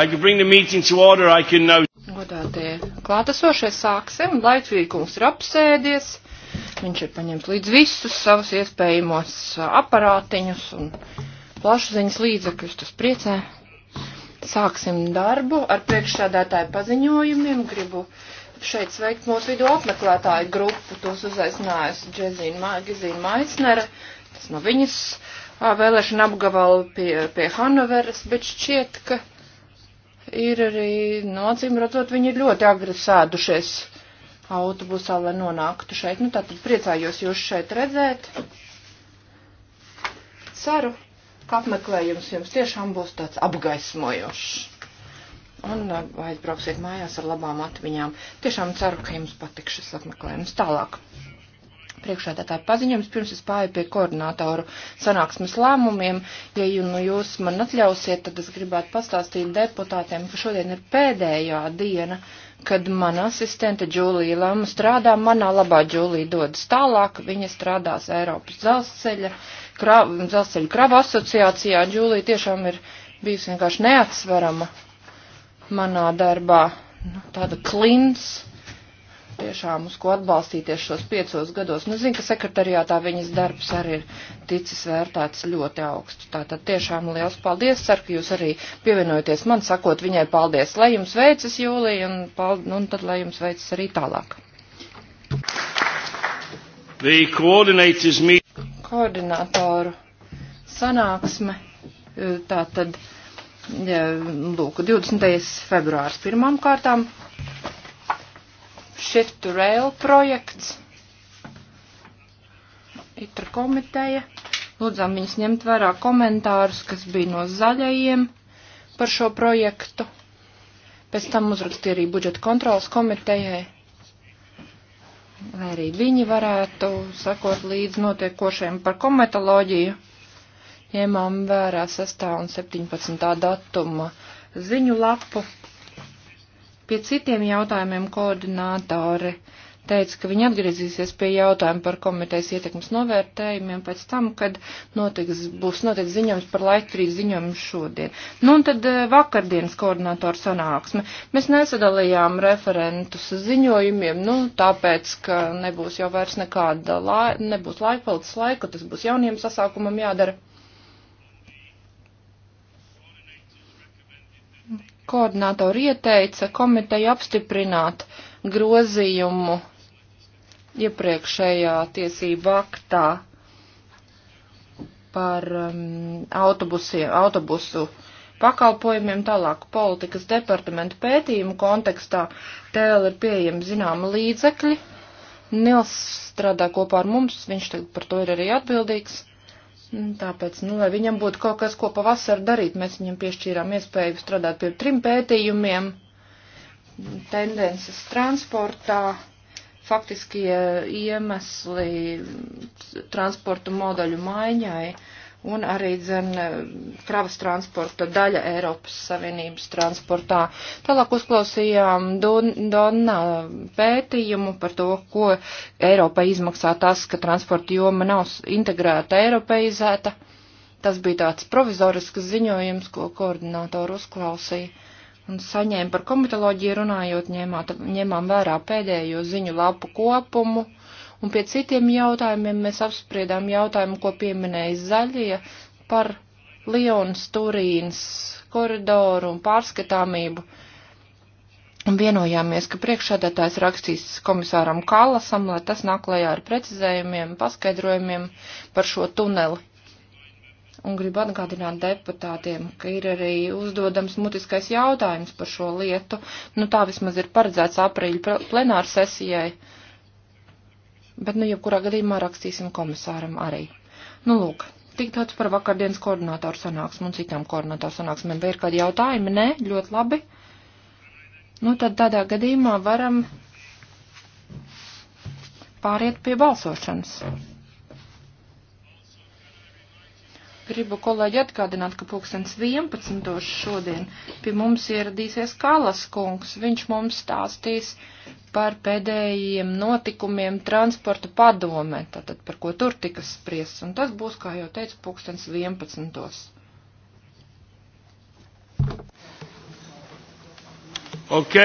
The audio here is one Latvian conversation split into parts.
Now... Godātie klātesošie sāksim, Laitvīkums ir apsēdies, viņš ir paņems līdz visus savus iespējamos aparātiņus un plašsaziņas līdzekļus, tas priecē. Sāksim darbu ar priekšsādātāju paziņojumiem, gribu šeit sveikt mūsu video apmeklētāju grupu, tos uzaicinājusi Džezīna Gizīna Maisnere, tas no viņas vēlēšana apgabala pie, pie Hanoveras, bet šķiet, ka ir arī, no nu, acīm redzot, viņi ir ļoti agri sēdušies autobusā, lai nonāktu šeit. Nu, tātad priecājos jūs šeit redzēt. Ceru, ka apmeklējums jums tiešām būs tāds apgaismojošs. Un uh, aizbrauksiet mājās ar labām atmiņām. Tiešām ceru, ka jums patiks šis apmeklējums tālāk priekšādātāju paziņojums, pirms es pārēju pie koordinātoru sanāksmes lēmumiem. Ja nu, jūs man atļausiet, tad es gribētu pastāstīt deputātiem, ka šodien ir pēdējā diena, kad mana asistente Džūlija Lama strādā. Manā labā Džūlija dodas tālāk, viņa strādās Eiropas dzelzceļa, krav, dzelzceļa kravu asociācijā. Džūlija tiešām ir bijusi vienkārši neatsverama manā darbā. Nu, tāda klins tiešām uz ko atbalstīties šos piecos gados. Nu, zinu, ka sekretariātā viņas darbs arī ir ticis vērtāts ļoti augstu. Tātad tiešām liels paldies. Ceru, ka jūs arī pievienojaties man, sakot viņai paldies. Lai jums veicas, Jūlija, un, paldies, nu, un tad lai jums veicas arī tālāk. Koordinātoru sanāksme. E, tātad, lūk, 20. februārs pirmām kārtām. Shift to Rail projekts. Itra komiteja. Lūdzām viņus ņemt vērā komentārus, kas bija no zaļajiem par šo projektu. Pēc tam uzrakstīja arī budžeta kontrolas komitejai, lai arī viņi varētu sakot līdz notiekošajiem par kometoloģiju. Ņēmām vērā 6. un 17. datuma ziņu lapu. Pie citiem jautājumiem koordinātori teica, ka viņi atgriezīsies pie jautājuma par komitejas ietekmes novērtējumiem pēc tam, kad notiks, būs noticis ziņojums par laiktrīt ziņojumu šodien. Nu un tad eh, vakardienas koordinātora sanāksme. Mēs nesadalījām referentus ziņojumiem, nu tāpēc, ka nebūs jau vairs nekāda, lai, nebūs laikpaldas laika, tas būs jauniem sasākumam jādara. koordinātori ieteica komiteju apstiprināt grozījumu iepriekšējā tiesību aktā par um, autobusiem, autobusu pakalpojumiem tālāk politikas departamentu pētījumu kontekstā. Tēl ir pieejami zināma līdzekļi. Nils strādā kopā ar mums, viņš tagad par to ir arī atbildīgs. Tāpēc, nu, lai viņam būtu kaut kas, ko pavasar darīt, mēs viņam piešķīrām iespēju strādāt pie trim pētījumiem, tendences transportā, faktiskie iemesli transportu modeļu maiņai un arī dzen kravas transporta daļa Eiropas Savienības transportā. Tālāk uzklausījām Donna pētījumu par to, ko Eiropai izmaksā tas, ka transporta joma nav integrēta Eiropeizēta. Tas bija tāds provizorisks ziņojums, ko koordinātori uzklausīja un saņēma par komitoloģiju runājot, ņēmā, ņēmām vērā pēdējo ziņu lapu kopumu un pie citiem jautājumiem mēs apspriedām jautājumu, ko pieminēja zaļie par Lions Turīnas koridoru un pārskatāmību. Un vienojāmies, ka priekšādātājs rakstīs komisāram Kalasam, lai tas nāk lejā ar precizējumiem, paskaidrojumiem par šo tuneli. Un gribu atgādināt deputātiem, ka ir arī uzdodams mutiskais jautājums par šo lietu. Nu, tā vismaz ir paredzēts aprīļa plenāra sesijai. Uh, Bet, nu, jebkurā gadījumā rakstīsim komisāram arī. Nu, lūk, tik tāds par vakardienas koordinātoru sanāksmu un citām koordinātoru sanāksmēm. Vai ir kādi jautājumi? Nē, ļoti labi. Nu, tad tādā gadījumā varam pāriet pie balsošanas. Gribu kolēģi atgādināt, ka pulkstens 11. šodien pie mums ieradīsies Kalas kungs. Viņš mums stāstīs par pēdējiem notikumiem transporta padome, tātad par ko tur tika spriests. Un tas būs, kā jau teicu, pulkstens 11. Ok.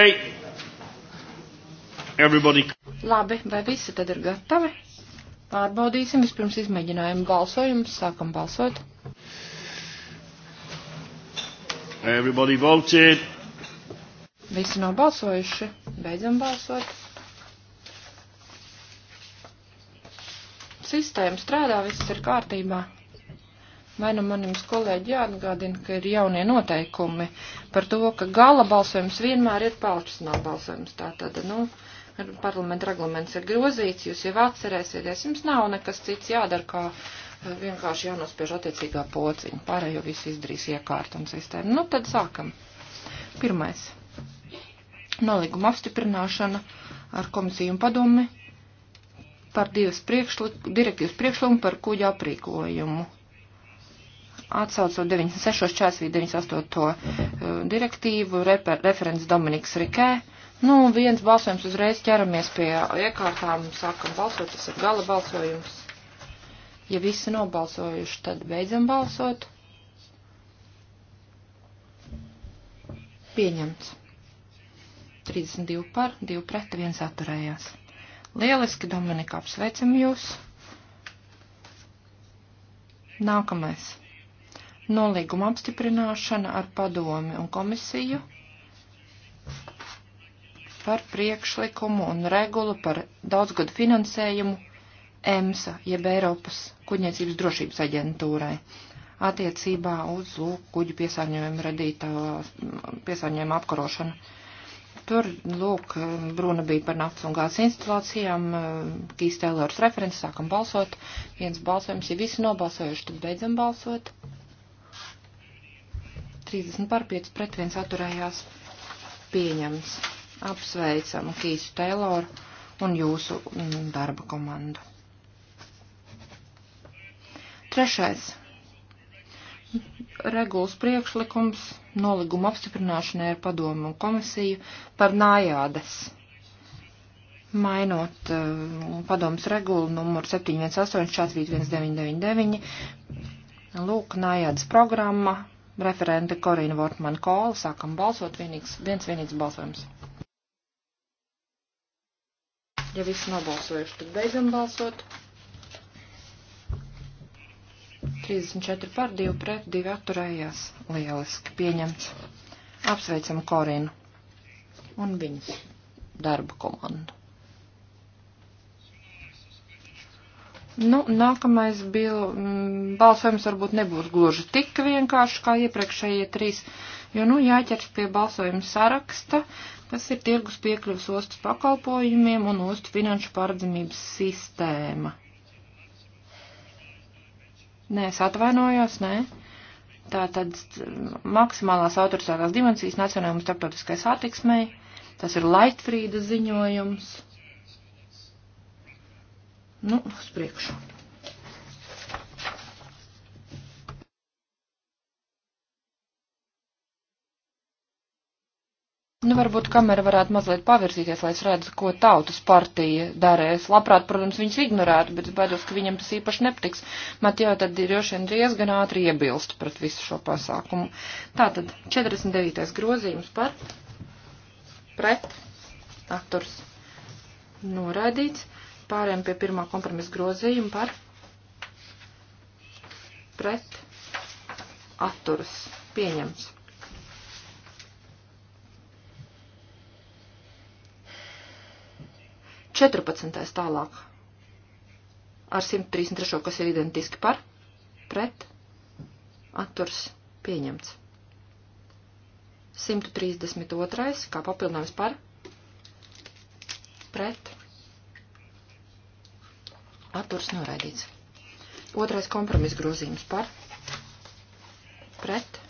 Everybody. Labi, vai visi tad ir gatavi? Pārbaudīsim, vispirms izmēģinājumu balsojumu, sākam balsot. Everybody voted. Visi nobalsojuši, beidzam balsot. Sistēma strādā, viss ir kārtībā. Vai nu manim kolēģi jāatgādina, ka ir jaunie noteikumi par to, ka gala balsojums vienmēr ir paaugstināt balsojums. Tātad, nu, uh, parlamenta reglaments ir grozīts, jūs jau atcerēsieties, jums nav nekas cits jādara, kā e, vienkārši jānospiež attiecīgā pociņa. Pārējo visu izdarīs iekārta un sistēma. Nu, tad sākam. Pirmais. Nolīguma apstiprināšana ar komisiju un padomi par divas priekšlik direktīvas priekšlikumu par kuģa aprīkojumu atsaucot 96.4.98. E, direktīvu, refer, referents Dominiks Rikē, Nu, viens balsojums uzreiz ķeramies pie iekārtām, sākam balsot, tas ir gala balsojums. Ja visi nobalsojuši, tad beidzam balsot. Pieņemts. 32 par, 2 pret, 1 atturējās. Lieliski, Dominika, apsveicam jūs. Nākamais. Nolīguma apstiprināšana ar padomi un komisiju par priekšlikumu un regulu par daudzgadu finansējumu EMSA, jeb Eiropas kuģniecības drošības aģentūrai, attiecībā uz lūk kuģu piesārņojumu radītā, piesārņojumu apkarošanu. Tur, lūk, runa bija par naftas un gāzes instalācijām, Kīs Tēlors referents, sākam balsot, viens balsojums, ja visi nobalsojuši, tad beidzam balsot. 30 par 5 pret 1 atturējās pieņems. Apsveicam Kīsu Tayloru un jūsu mm, darba komandu. Trešais. Regulas priekšlikums noliguma apstiprināšanai ar padomu un komisiju par nājādes mainot uh, padomus regulu numuru 718-41999. Lūk, nājādas programma, referente Korina Vortman Kola, sākam balsot, vienīgs, viens vienīgs balsojums. Ja viss nobalsojuši, tad beidzam balsot. 34 par 2 pret 2 atturējās. Lieliski pieņemts. Apsveicam Korinu un viņas darba komandu. Nu, nākamais bil, balsojums varbūt nebūs gluži tik vienkārši kā iepriekšējie trīs. Uh, jo, nu, jāķers pie balsojuma saraksta, kas ir tirgus piekļuvs ostas pakalpojumiem un ostu finanšu pārdzimības sistēma. Nē, es atvainojos, nē. Tātad mm, maksimālās autorizētās dimensijas nacionālajiem un starptautiskai satiksmei. Tas ir Laitfrīda ziņojums. Nu, uz priekšu. Nu, varbūt kamera varētu mazliet pavirzīties, lai es redzu, ko tautas partija darēs. Labprāt, protams, viņus ignorētu, bet baidos, ka viņam tas īpaši nepatiks. Matijā tad ir droši vien diezgan ātri iebilst pret visu šo pasākumu. Tātad 49. grozījums par pret aktors noraidīts. Pārējām pie pirmā kompromisa grozījuma par pret atturs pieņemts. 14. tālāk. Ar 133. kas ir identiski par, pret, atturs pieņemts. 132. kā papildinājums par, pret, atturs noraidīts. Otrais kompromis grozījums par, pret,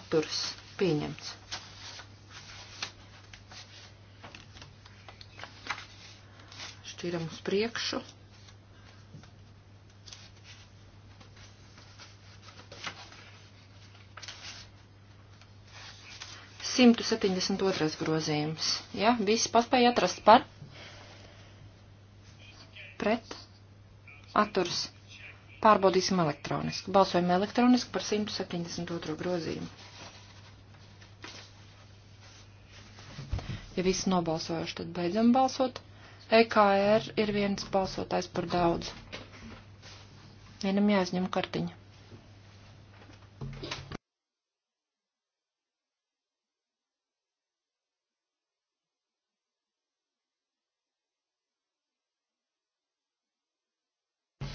atturs pieņemts. šķiram uz priekšu. Simtu septiņdesmit otrais grozījums. Ja, visi paspēja atrast par? Pret? Atturs. Pārbaudīsim elektroniski. Balsojam elektroniski par 172. grozījumu. Ja visi nobalsojuši, tad beidzam balsot. EKR ir viens balsotājs par daudz. Vienam jāizņem kartiņa.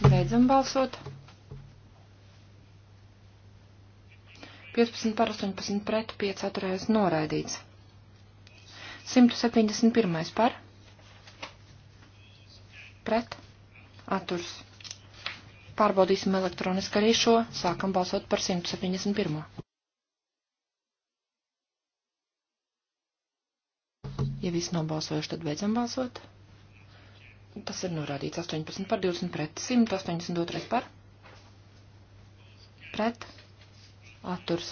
Beidzam balsot. 15 par 18 pret 5 atturējās noraidīts. 171 par pret, atturs. Pārbaudīsim elektroniski arī šo, sākam balsot par 171. Ja visi nav balsojuši, tad beidzam balsot. Tas ir norādīts 18 par 20 pret 182 par. Pret. Atturs.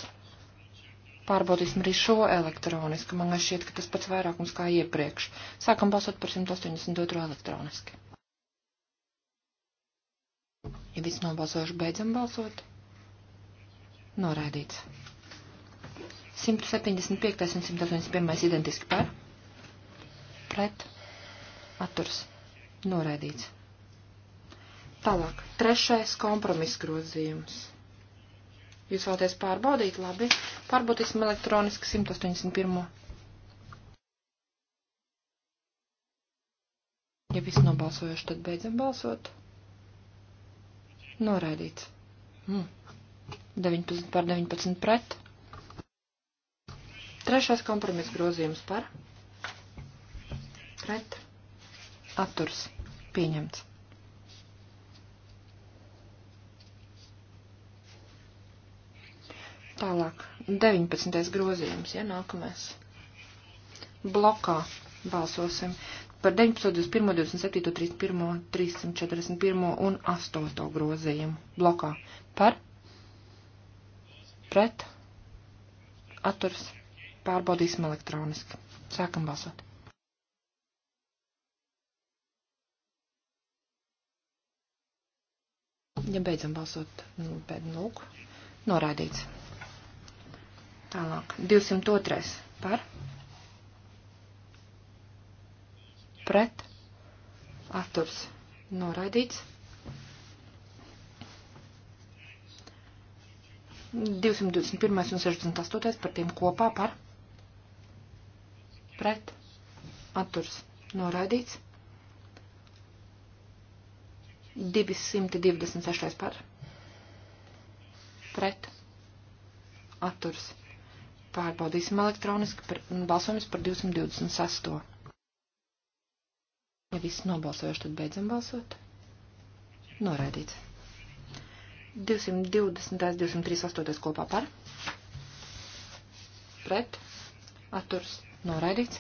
Pārbaudīsim arī šo elektroniski. Man šķiet, ka tas pats vairākums kā iepriekš. Sākam balsot par 182 elektroniski. Ja viss nobalsojuši, beidzam balsot. Norādīts. 175. un 181. identiski par. Pret. Atturs. Norādīts. Tālāk. Trešais kompromiss grozījums. Jūs vēlaties pārbaudīt? Labi. Pārbaudīsim elektroniski 181. Ja viss nobalsojuši, tad beidzam balsot. Noraidīts. Mm. 19 par 19 pret. Trešais kompromiss grozījums par. Pret. Atturs. Pieņemts. Tālāk. 19. grozījums, ja nākamais. Blokā balsosim par 19, 21, 27, 31, 341 un 8 grozījumu blokā par pret atturs pārbaudīsim elektroniski. Sākam balsot. Ja beidzam balsot, nu, pēc nu, lūk, norādīts. Tālāk, 202. par pret atturs noraidīts. 221. un 68. par tiem kopā par pret atturs noraidīts. 226. par pret atturs. Pārbaudīsim elektroniski par, balsojums par 226. Ja viss nobalsojuši, tad beidzam balsot. Noraidīts. 220, 238 kopā par. Pret. Atturs. Noraidīts.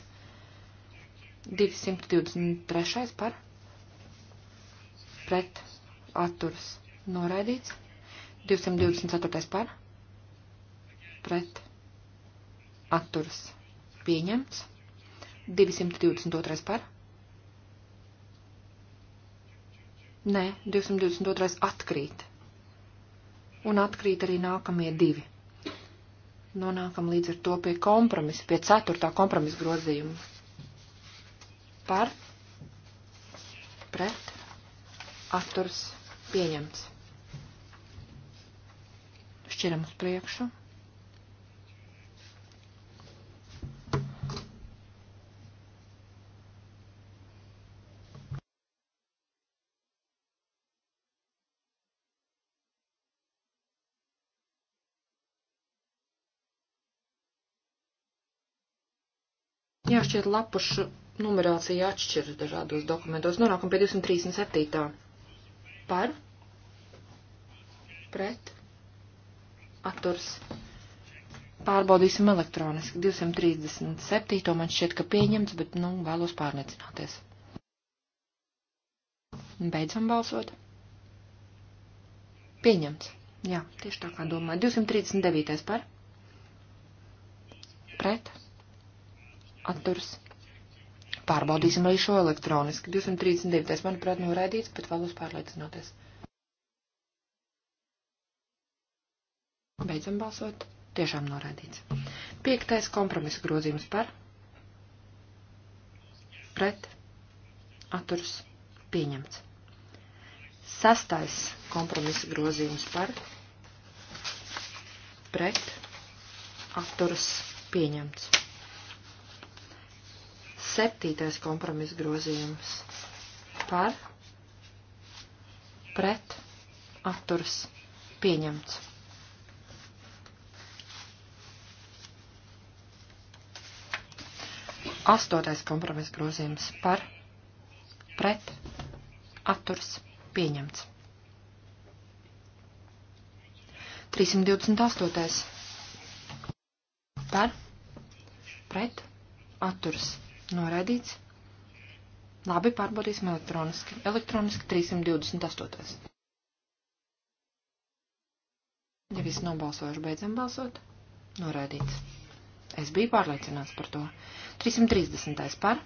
223 par. Pret. Atturs. Noraidīts. 224 par. Pret. Atturs. Pieņemts. 222 par Nē, 222. atkrīt. Un atkrīt arī nākamie divi. Nonākam līdz ar to pie kompromisa, pie ceturtā kompromisa grozījuma. Par, pret, atturs pieņemts. Šķiram uz priekšu. Jā, šķiet lapušu numerācija atšķiras dažādos dokumentos. Nonākam pie 237. Par. Pret. Atturs. Pārbaudīsim elektroniski. 237. To man šķiet, ka pieņemts, bet, nu, vēlos pārliecināties. Beidzam balsot. Pieņemts. Jā, tieši tā kā domāju. 239. par. Pret atturs. Pārbaudīsim arī šo elektroniski. 239. manuprāt, noraidīts, bet vēlos pārliecinoties. Beidzam balsot. Tiešām noraidīts. Piektais kompromisa grozījums par. Pret. Atturs. Pieņemts. Sastais kompromisa grozījums par. Pret. Atturs. Pieņemts. Septītais kompromiss grozījums par pret atturs pieņemts. Astotais kompromiss grozījums par pret atturs pieņemts. 328. par pret atturs pieņemts Noraidīts. Labi, pārbaudīsim elektroniski. Elektroniski 328. Ja visi nobalsojuši, beidzam balsot. Noraidīts. Es biju pārliecināts par to. 330. par.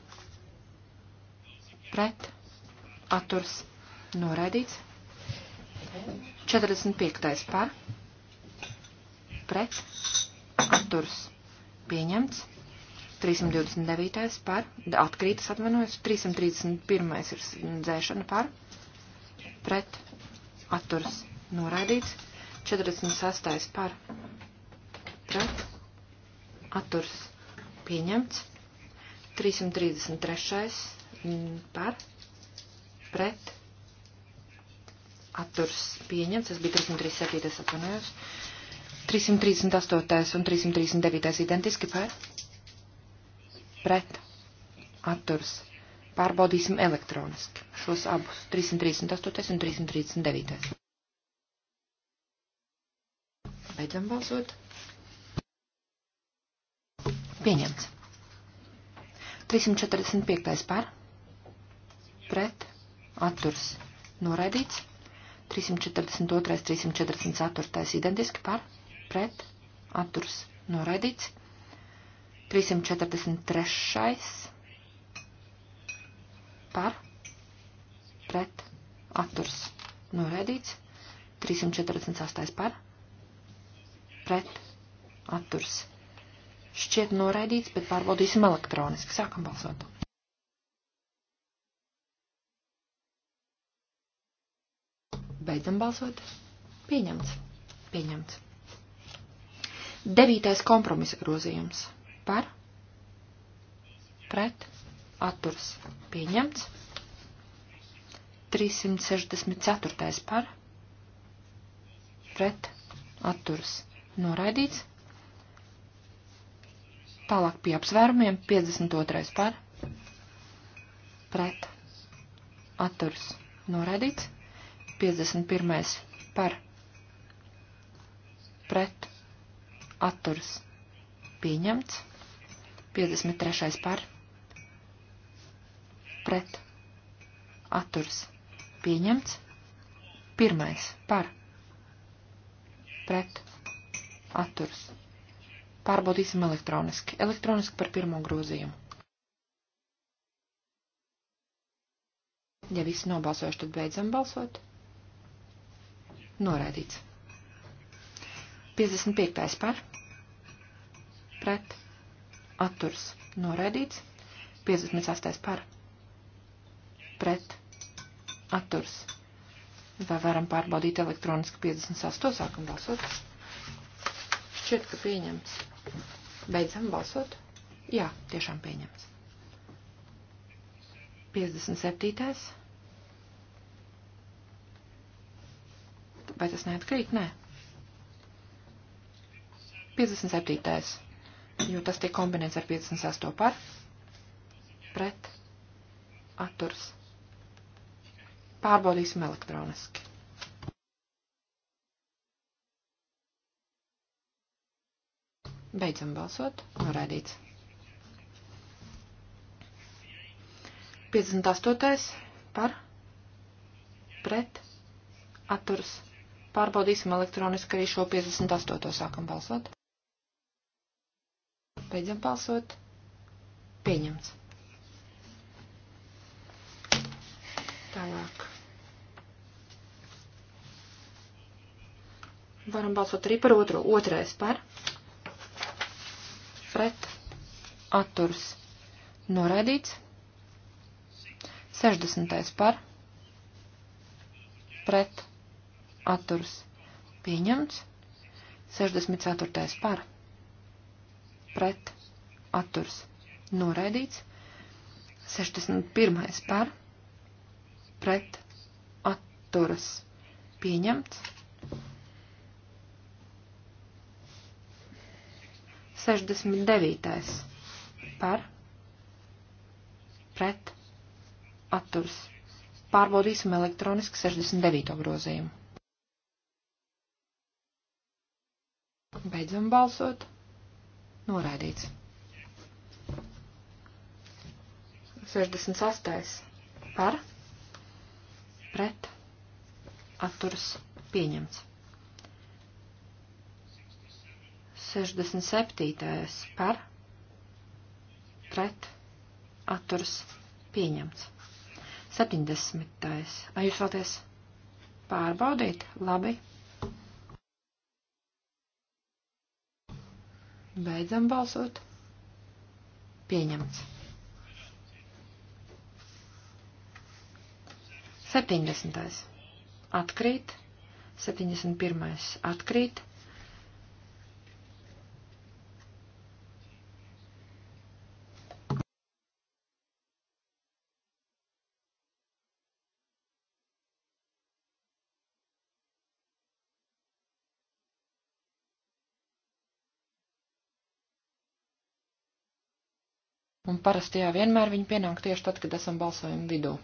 Pret. Atturs. Noraidīts. 45. par. Pret. Atturs. Pieņemts. 329. par, atkrītas atvainojas, 331. ir dzēšana par, pret, atturs, noraidīts, 46. par, pret, atturs, pieņemts, 333. Mm, par, pret, atturs, pieņemts, tas bija 337. atvainojos, 338. un 339. identiski par, pret, atturs. Pārbaudīsim elektroniski šos abus 338 un 339. Beidzam balsot. Pieņemts. 345. par. Pret. Atturs. Noraidīts. 342. 344. identiski par. Pret. Atturs. Noraidīts. 343. par pret atturs noraidīts. 348. par pret atturs. Šķiet noraidīts, bet pārbaudīsim elektroniski. Sākam balsot. Beidzam balsot. Pieņemts. Pieņemts. Devītais kompromisa grozījums par, pret, atturs pieņemts. 364. par, pret, atturs noraidīts. Tālāk pie apsvērumiem 52. par, pret, atturs noraidīts. 51. par, pret, atturs pieņemts. 53. par pret atturs pieņemts. Pirmais par pret atturs. Pārbaudīsim elektroniski. Elektroniski par pirmo grozījumu. Ja visi nobalsojuši, tad beidzam balsot. Noraidīts. 55. par pret atturs noraidīts, 58. par pret atturs. Vai varam pārbaudīt elektroniski 58. sākam balsot? Šķiet, ka pieņemts. Beidzam balsot? Jā, tiešām pieņemts. 57. Vai tas neatkrīt? Nē. 57 jo tas tiek kombinēts ar 58 par, pret, atturs. Pārbaudīsim elektroniski. Beidzam balsot. Noraidīts. 58. par pret atturs. Pārbaudīsim elektroniski arī šo 58. sākam balsot. Beidzam balsot. Pieņemts. Tālāk. Varam balsot arī par otro. Otrais par. Pret. Atturs. Noraidīts. 60. par. Pret. Atturs. Pieņemts. 64. par pret atturs noraidīts, 61. par pret atturas pieņemts, 69. par pret atturs. Pārbaudīsim elektroniski 69. grozījumu. Beidzam balsot. Noraidīts. 68. Par. Pret. Atturas. Pieņemts. 67. Par. Pret. Atturas. Pieņemts. 70. Vai jūs vēlaties pārbaudīt? Labi, Beidzam balsot. Pieņemts. 70. Atkrīt. 71. Atkrīt. un parasti jā, vienmēr viņi pienāk tieši tad, kad esam balsojumu vidū.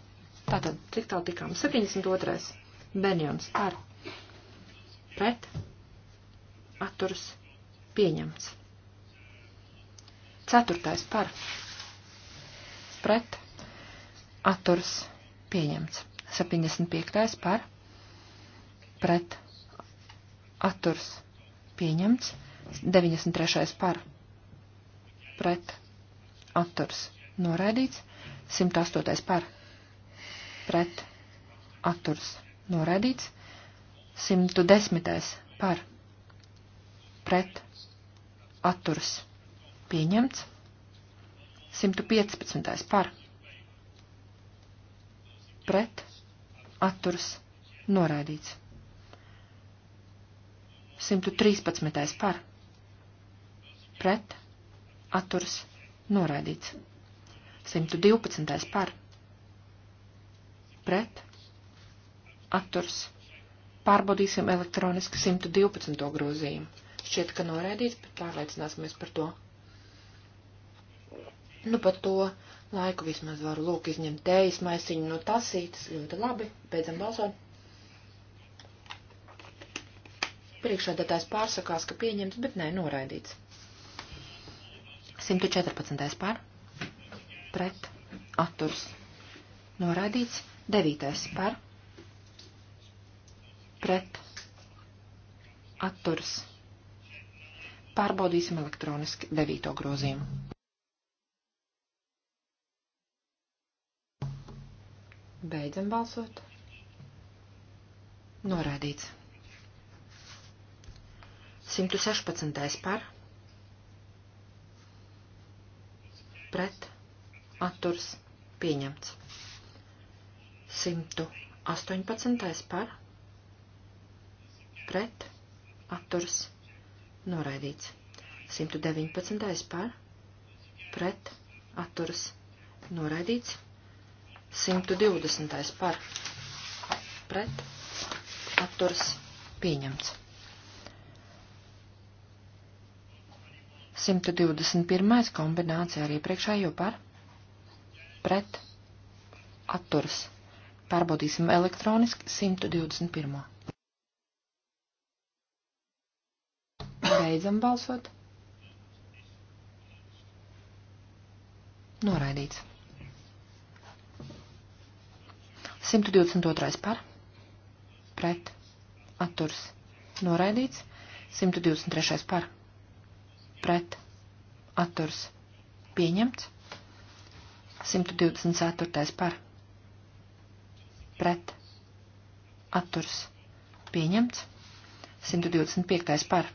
Tātad, cik tālu tikām? 72. Benjons ar pret atturs pieņemts. Ceturtais par pret atturs pieņemts. 75. par pret atturs pieņemts. 93. par pret atturs noraidīts, 108. par pret atturs noraidīts, 110. par pret atturs pieņemts, 115. par pret atturs noraidīts. 113. par pret atturs noraidīts Noraidīts. 112. par. Pret. Atturs. Pārbaudīsim elektroniski 112. grozījumu. Šķiet, ka noraidīts, bet pārliecināsimies par to. Nu, par to laiku vismaz varu lūk izņemt tējas maisiņu no tasītes. Ļoti labi. Beidzam balsot. Priekšādātājs pārsakās, ka pieņems, bet nē, noraidīts. 114. par, pret, atturs, noraidīts, 9. par, pret, atturs. Pārbaudīsim elektroniski 9. grozījumu. Beidzam balsot. Norādīts. 116. par. pret atturs pieņemts. 118. par pret atturs noraidīts. 119. par pret atturs noraidīts. 120. par pret atturs pieņemts. 121. kombinācija arī priekšējo par pret atturas. Pārbaudīsim elektroniski 121. Beidzam balsot. Noraidīts. 122. par pret atturs. Noraidīts. 123. par pret pret atturs pieņemts. 124. par pret atturs pieņemts. 125. par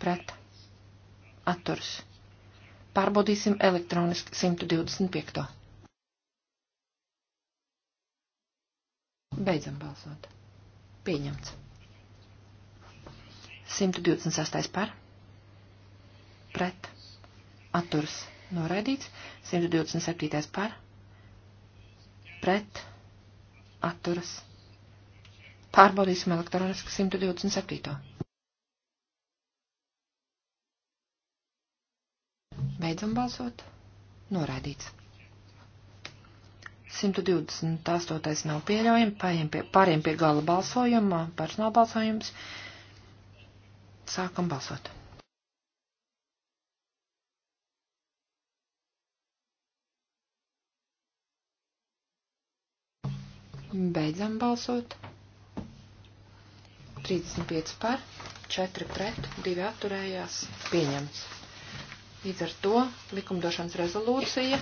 pret atturs. Pārbaudīsim elektroniski 125. Beidzam balsot. Pieņemts. 128. par pret atturs noraidīts, 127. par pret atturas. Pārbaudīsim elektronisku 127. Beidzam balsot. Noraidīts. 128. nav pieļaujami, pāriem pie, pāriem pie gala balsojuma, personāla balsojums. Sākam balsot. Beidzam balsot. 35 par, 4 pret, 2 atturējās, pieņemts. Līdz ar to likumdošanas rezolūcija.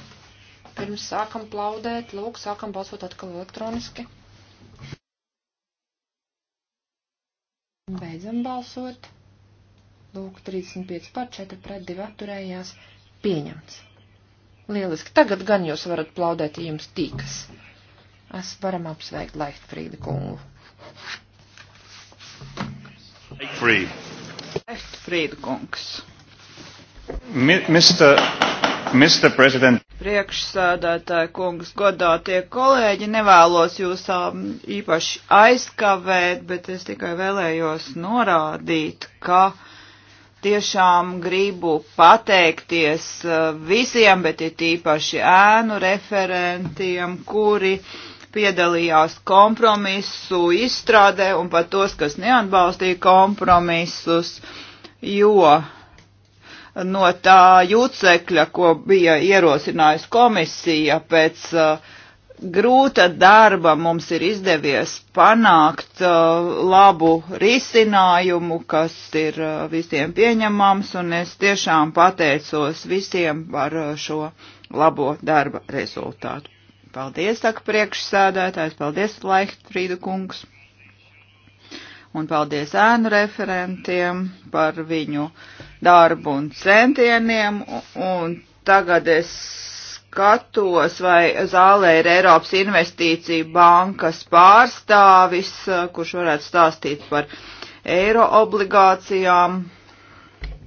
Pirms sākam plaudēt, lūk, sākam balsot atkal elektroniski. Beidzam balsot. Lūk, 35 par, 4 pret, 2 atturējās, pieņemts. Lieliski, tagad gan jūs varat plaudēt, ja jums tīkas. Mēs varam apsveikt Leichtfrīda kungu. Leichtfrīd. Leichtfrīda kungs. Mi, Mr. Mr. President priekšsēdētāja kungs, godātie kolēģi, nevēlos jūs um, īpaši aizkavēt, bet es tikai vēlējos norādīt, ka tiešām gribu pateikties uh, visiem, bet ir īpaši ēnu referentiem, kuri piedalījās kompromisu izstrādē un pat tos, kas neatbalstīja kompromisus, jo no tā jūcekļa, ko bija ierosinājusi komisija pēc uh, grūta darba mums ir izdevies panākt uh, labu risinājumu, kas ir uh, visiem pieņemams, un es tiešām pateicos visiem par uh, šo labo darba rezultātu. Paldies, saka priekšsēdētājs, paldies, Laichtfrīda kungs. Un paldies ēnu referentiem par viņu darbu un centieniem. Un tagad es skatos, vai zālē ir Eiropas investīcija bankas pārstāvis, kurš varētu stāstīt par eiro obligācijām.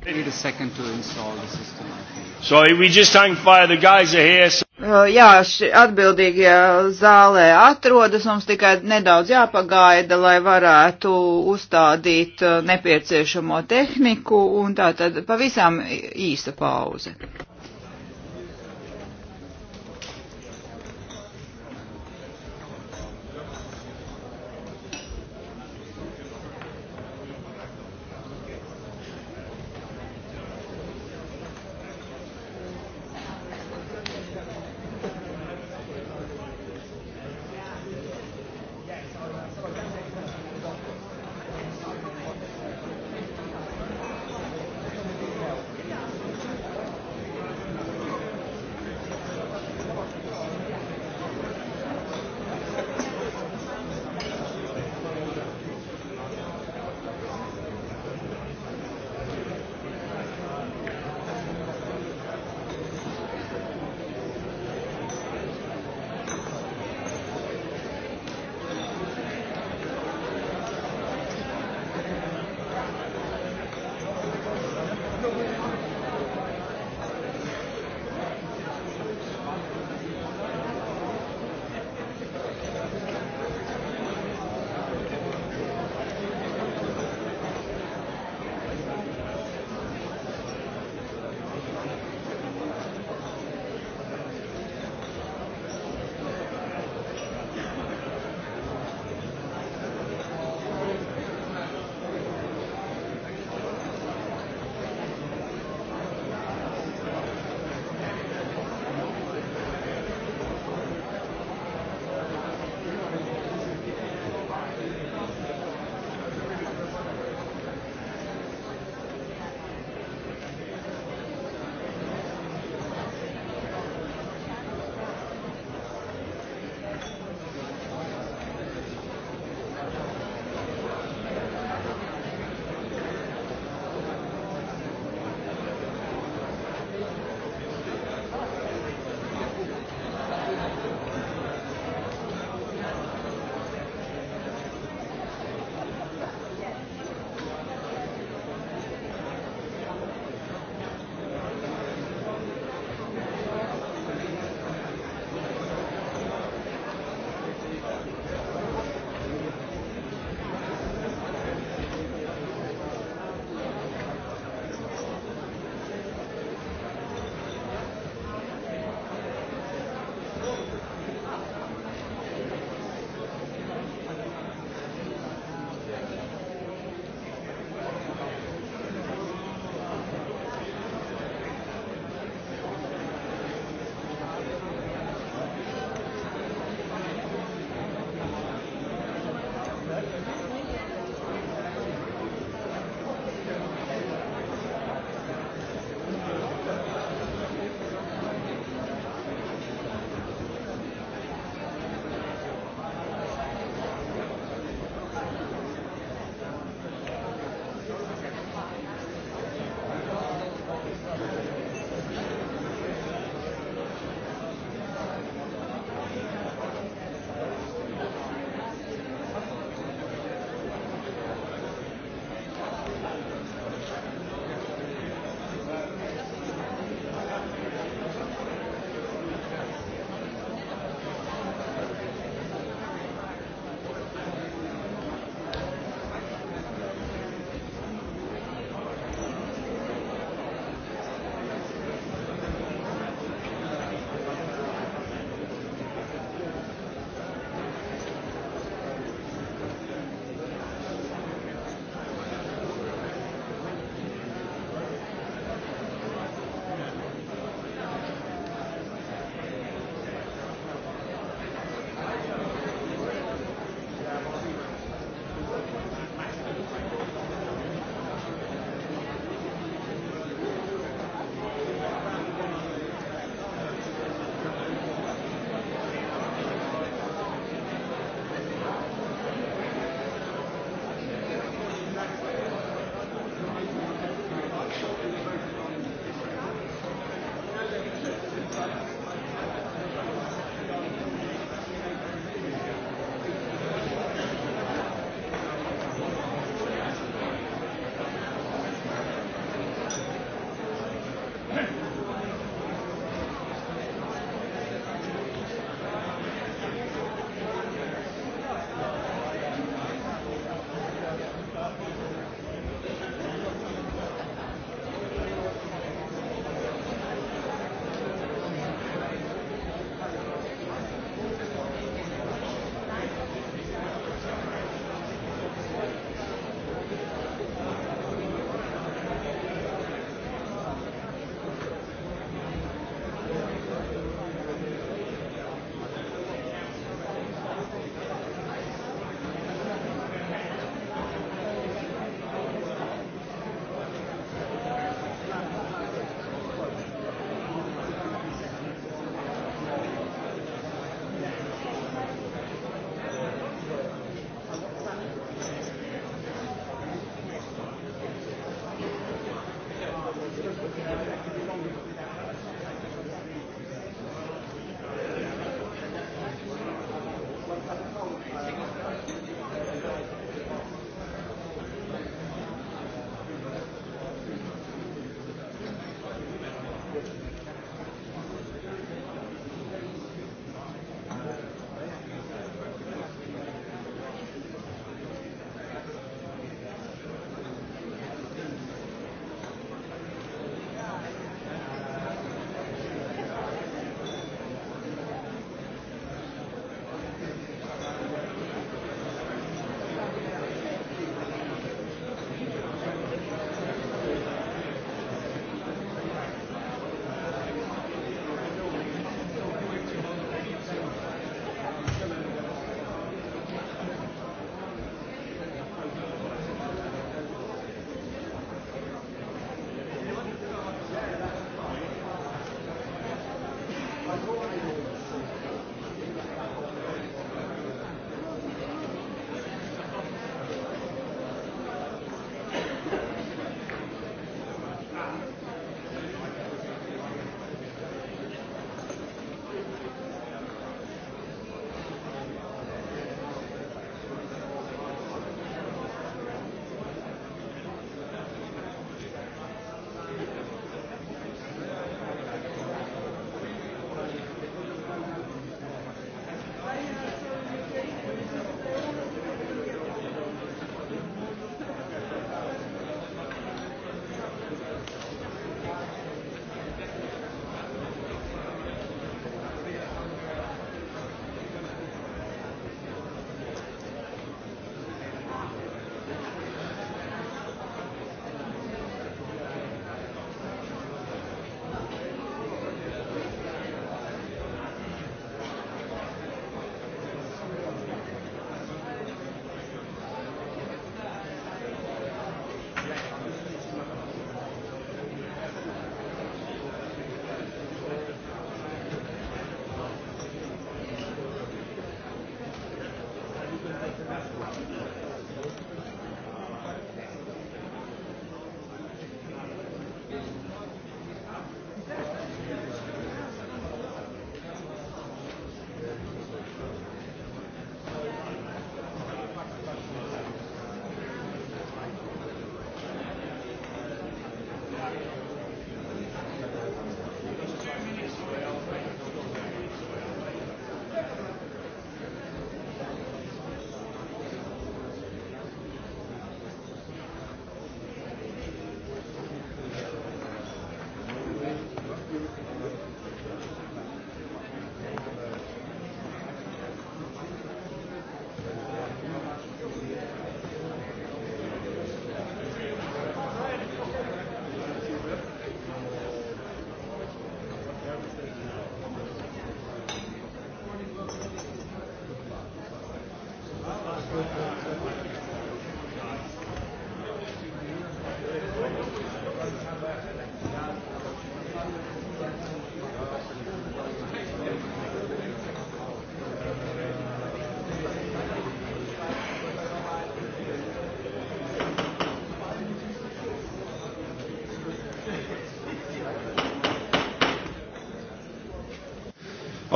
Need a second to install the system. So we just hang fire, the guys are here. So... Uh, jā, atbildīgie zālē atrodas, mums tikai nedaudz jāpagaida, lai varētu uzstādīt uh, nepieciešamo tehniku, un tā tad pavisam īsa pauze.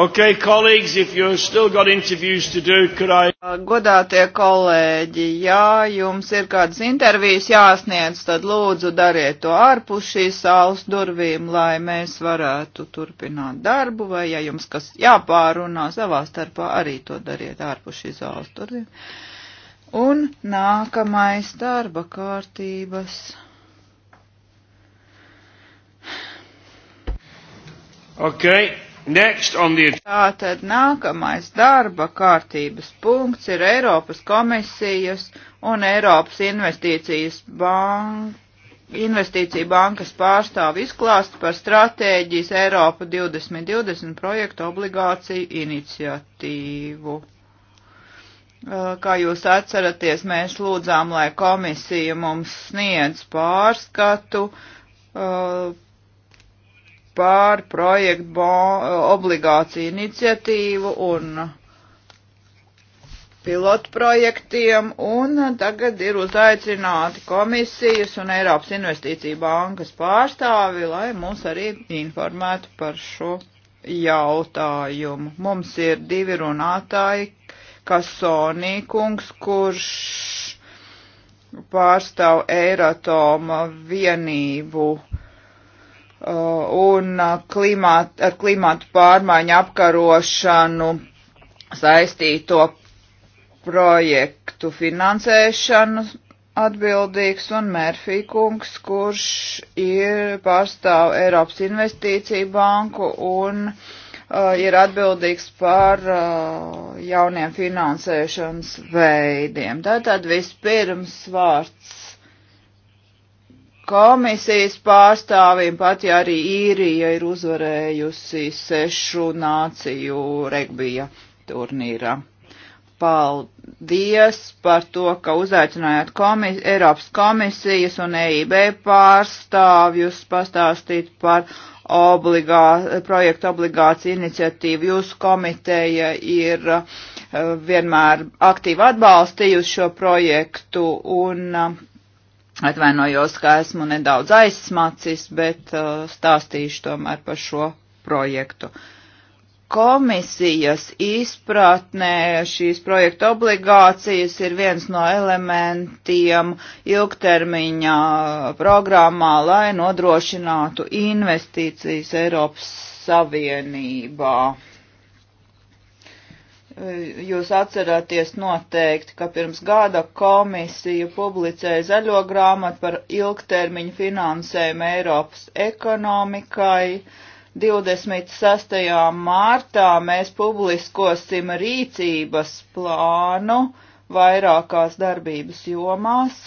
Okay, colleagues, if you've still got interviews to do, could I... Uh, godātie kolēģi, ja jums ir kādas intervijas jāsniedz, tad lūdzu dariet to ārpus šīs saules durvīm, lai mēs varētu turpināt darbu, vai ja jums kas jāpārunā savā starpā, arī to dariet ārpus šīs saules durvīm. Un nākamais darba kārtības. Okay. The... Tātad nākamais darba kārtības punkts ir Eiropas komisijas un Eiropas investīcijas banka. Investīcija bankas pārstāv izklāst par stratēģijas Eiropa 2020 projektu obligāciju iniciatīvu. Kā jūs atceraties, mēs lūdzām, lai komisija mums sniedz pārskatu uh, par projektu bon, obligāciju iniciatīvu un pilotprojektiem, un tagad ir uzaicināti komisijas un Eiropas investīcija bankas pārstāvi, lai mūs arī informētu par šo jautājumu. Mums ir divi runātāji, Kasonī kungs, kurš pārstāv Eiratoma vienību Uh, un uh, klimāt, ar klimātu pārmaiņu apkarošanu saistīto projektu finansēšanu atbildīgs un Mērfī kungs, kurš ir pārstāv Eiropas investīciju banku un uh, ir atbildīgs par uh, jauniem finansēšanas veidiem. Tātad vispirms vārds komisijas pārstāvim, pat ja arī īrija ir uzvarējusi sešu nāciju regbija turnīrā. Paldies par to, ka uzaicinājāt komis Eiropas komisijas un EIB pārstāvjus pastāstīt par obligā projektu obligāciju iniciatīvu. Jūsu komiteja ir eh, vienmēr aktīvi atbalstījusi šo projektu un Atvainojos, ka esmu nedaudz aizsmacis, bet uh, stāstīšu tomēr par šo projektu. Komisijas izpratnē šīs projekta obligācijas ir viens no elementiem ilgtermiņā programmā, lai nodrošinātu investīcijas Eiropas Savienībā. Jūs atceraties noteikti, ka pirms gada komisija publicēja zaļo grāmatu par ilgtermiņu finansējumu Eiropas ekonomikai. 26. martā mēs publiskosim rīcības plānu vairākās darbības jomās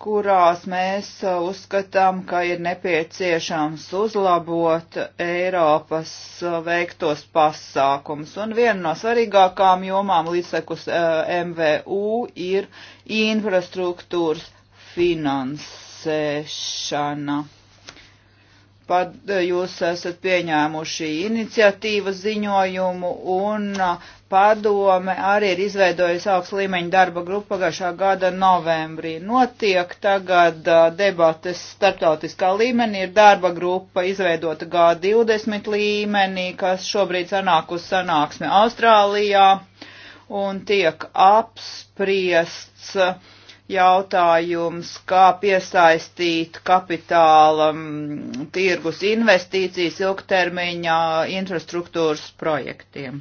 kurās mēs uh, uzskatām, ka ir nepieciešams uzlabot Eiropas uh, veiktos pasākums. Un viena no svarīgākām jomām līdzsekus uh, MVU ir infrastruktūras finansēšana. Pat jūs esat pieņēmuši iniciatīvas ziņojumu un uh, padome arī ir izveidojusi augsts līmeņa darba grupu pagājušā gada novembrī. Notiek tagad debates starptautiskā līmenī, ir darba grupa izveidota G20 līmenī, kas šobrīd sanāk uz sanāksmi Austrālijā un tiek apspriests jautājums, kā piesaistīt kapitāla tirgus investīcijas ilgtermiņā infrastruktūras projektiem.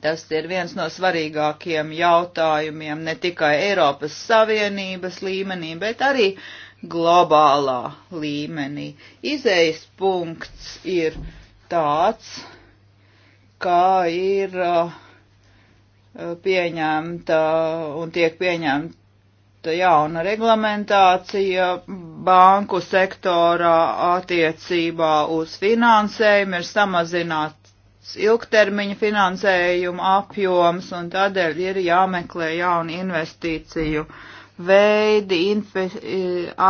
Tas ir viens no svarīgākiem jautājumiem ne tikai Eiropas Savienības līmenī, bet arī globālā līmenī. Izejas punkts ir tāds, kā ir uh, pieņemta un tiek pieņemta jauna reglamentācija banku sektorā attiecībā uz finansējumu, ir samazināt ilgtermiņa finansējuma apjoms, un tādēļ ir jāmeklē jauni investīciju veidi, infe, e,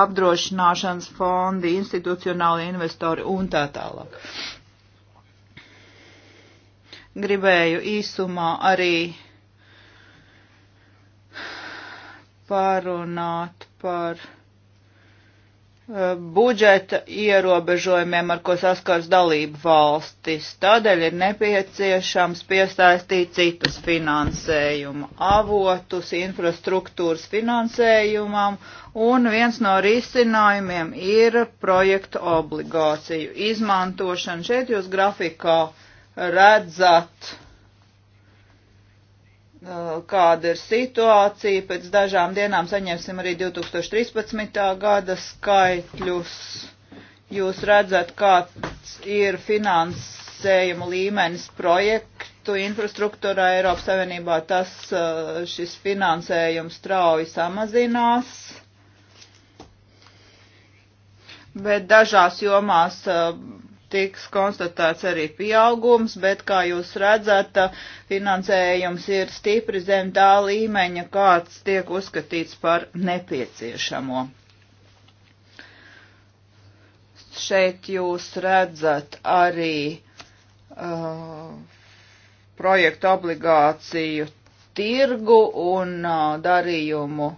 apdrošināšanas fondi, institucionāli investori un tā tālāk. Gribēju īsumā arī parunāt par budžeta ierobežojumiem, ar ko saskars dalību valstis. Tādēļ ir nepieciešams piesaistīt citus finansējumu avotus, infrastruktūras finansējumam, un viens no risinājumiem ir projektu obligāciju izmantošana. Šeit jūs grafikā redzat Eh, kāda ir situācija. Pēc dažām dienām saņemsim arī 2013. gada skaitļus. Jūs redzat, kāds ir finansējuma līmenis projektu infrastruktūrā Eiropas Savienībā. Tas eh, šis finansējums strauji samazinās. Bet dažās jomās eh, tiks konstatēts arī pieaugums, bet, kā jūs redzat, finansējums ir stipri zem tā līmeņa, kāds tiek uzskatīts par nepieciešamo. Šeit jūs redzat arī uh, projektu obligāciju tirgu un uh, darījumu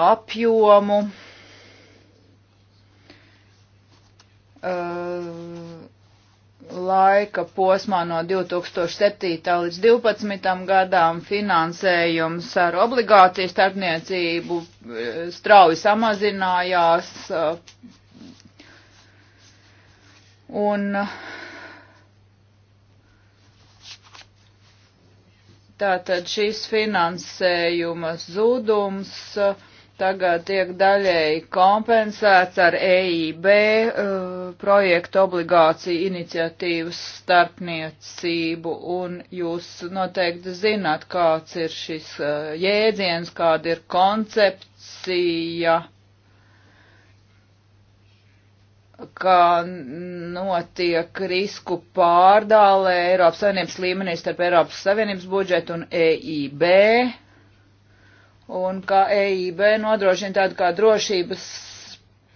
apjomu. Uh, laika posmā no 2007. līdz 2012. gadām finansējums ar obligāciju starpniecību e, strauji samazinājās. E, un tātad šīs finansējuma zudums uh, tagad tiek daļēji kompensēts ar EIB uh, projektu obligāciju iniciatīvas starpniecību, un jūs noteikti zināt, kāds ir šis uh, jēdziens, kāda ir koncepcija, kā notiek risku pārdāle Eiropas Savienības līmenī starp Eiropas Savienības budžetu un EIB un ka EIB nodrošina tādu kā drošības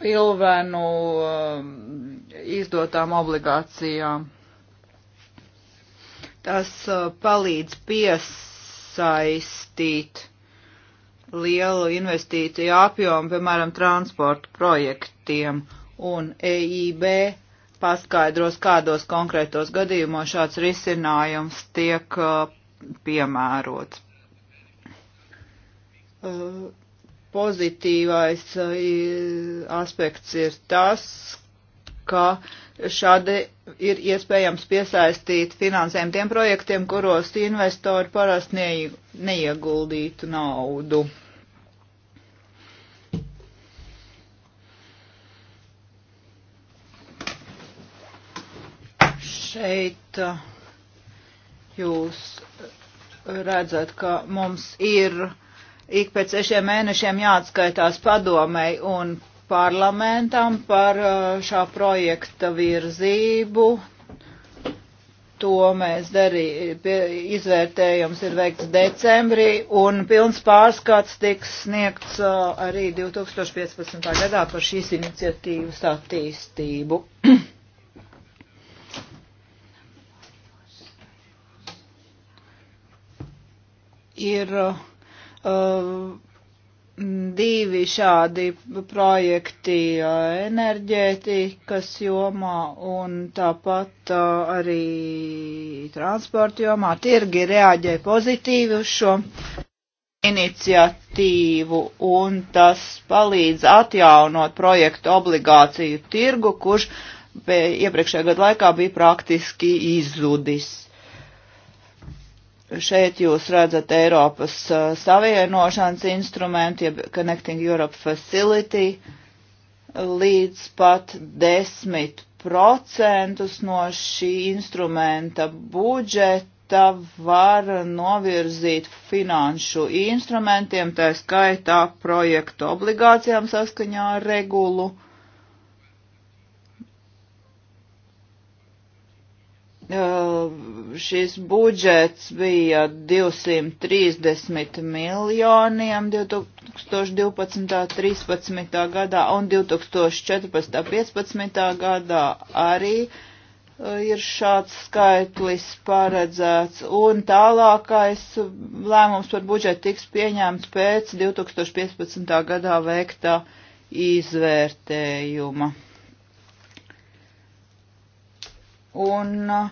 pilvenu um, izdotām obligācijām. Tas uh, palīdz piesaistīt lielu investīciju apjomu, piemēram, transporta projektiem, un EIB paskaidros, kādos konkrētos gadījumos šāds risinājums tiek uh, piemērots. Eh, pozitīvais eh, aspekts ir tas, ka šādi ir iespējams piesaistīt finansēm tiem projektiem, kuros investori parasti neieguldītu naudu. Šeit eh, jūs redzat, ka mums ir ik pēc sešiem mēnešiem jāatskaitās padomei un parlamentam par uh, šā projekta virzību. To mēs darījām, izvērtējums ir veikts decembrī, un pilns pārskats tiks sniegts uh, arī 2015. gadā par šīs iniciatīvas attīstību. ir uh, Uh, divi šādi projekti uh, enerģētikas jomā un tāpat uh, arī transporta jomā. Tirgi reaģē pozitīvi uz šo iniciatīvu un tas palīdz atjaunot projektu obligāciju tirgu, kurš iepriekšējā gada laikā bija praktiski izzudis. Šeit jūs redzat Eiropas uh, savienošanas instrumentu, jeb Connecting Europe Facility, līdz pat 10% no šī instrumenta budžeta var novirzīt finanšu instrumentiem, tā skaitā projektu obligācijām saskaņā ar regulu. Uh, Uh, šis budžets bija 230 miljoniem 2012.13. gadā un 2014.15. gadā arī uh, ir šāds skaitlis paredzēts. Un tālākais lēmums par budžetu tiks pieņēmts pēc 2015. gadā veiktā izvērtējuma un e,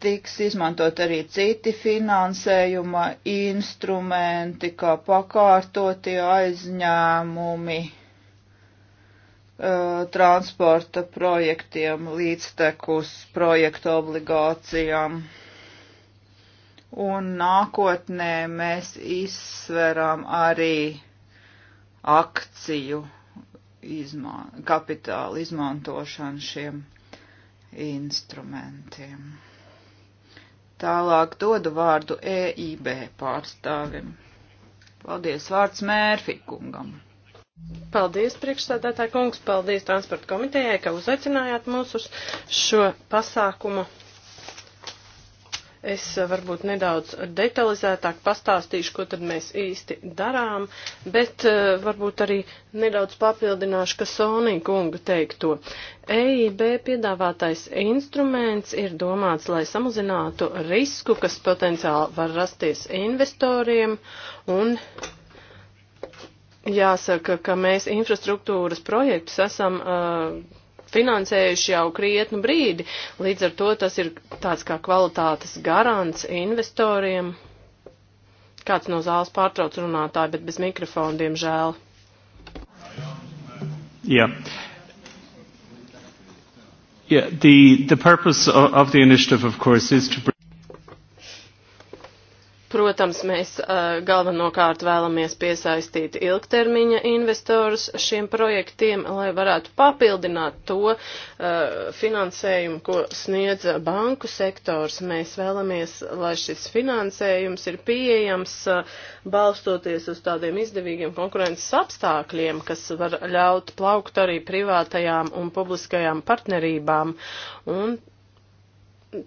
tiks izmantot arī citi finansējuma instrumenti, kā pakārtotie aizņēmumi e, transporta projektiem, līdztekus projektu obligācijām. Un nākotnē mēs izsveram arī akciju izman kapitāla izmantošanu šiem instrumentiem. Tālāk dodu vārdu EIB pārstāvim. Paldies vārds Mērfi kungam. Paldies, priekšsēdētāji kungs, paldies transporta komitejai, ka uzaicinājāt mūs uz šo pasākumu. Es eh, varbūt nedaudz detalizētāk pastāstīšu, ko tad mēs īsti darām, bet eh, varbūt arī nedaudz papildināšu, ka Sonija kunga teikto. EIB piedāvātais instruments ir domāts, lai samazinātu risku, kas potenciāli var rasties investoriem un jāsaka, ka mēs infrastruktūras projektus esam. Uh, finansējuši jau krietnu brīdi. Līdz ar to tas ir tāds kā kvalitātes garants investoriem. Kāds no zāles pārtrauc runātāju, bet bez mikrofona, diemžēl. Jā. Yeah. Yeah, the, the purpose of the initiative, of course, is to bring Protams, mēs galvenokārt vēlamies piesaistīt ilgtermiņa investorus šiem projektiem, lai varētu papildināt to finansējumu, ko sniedz banku sektors. Mēs vēlamies, lai šis finansējums ir pieejams balstoties uz tādiem izdevīgiem konkurences apstākļiem, kas var ļaut plaukt arī privātajām un publiskajām partnerībām. Un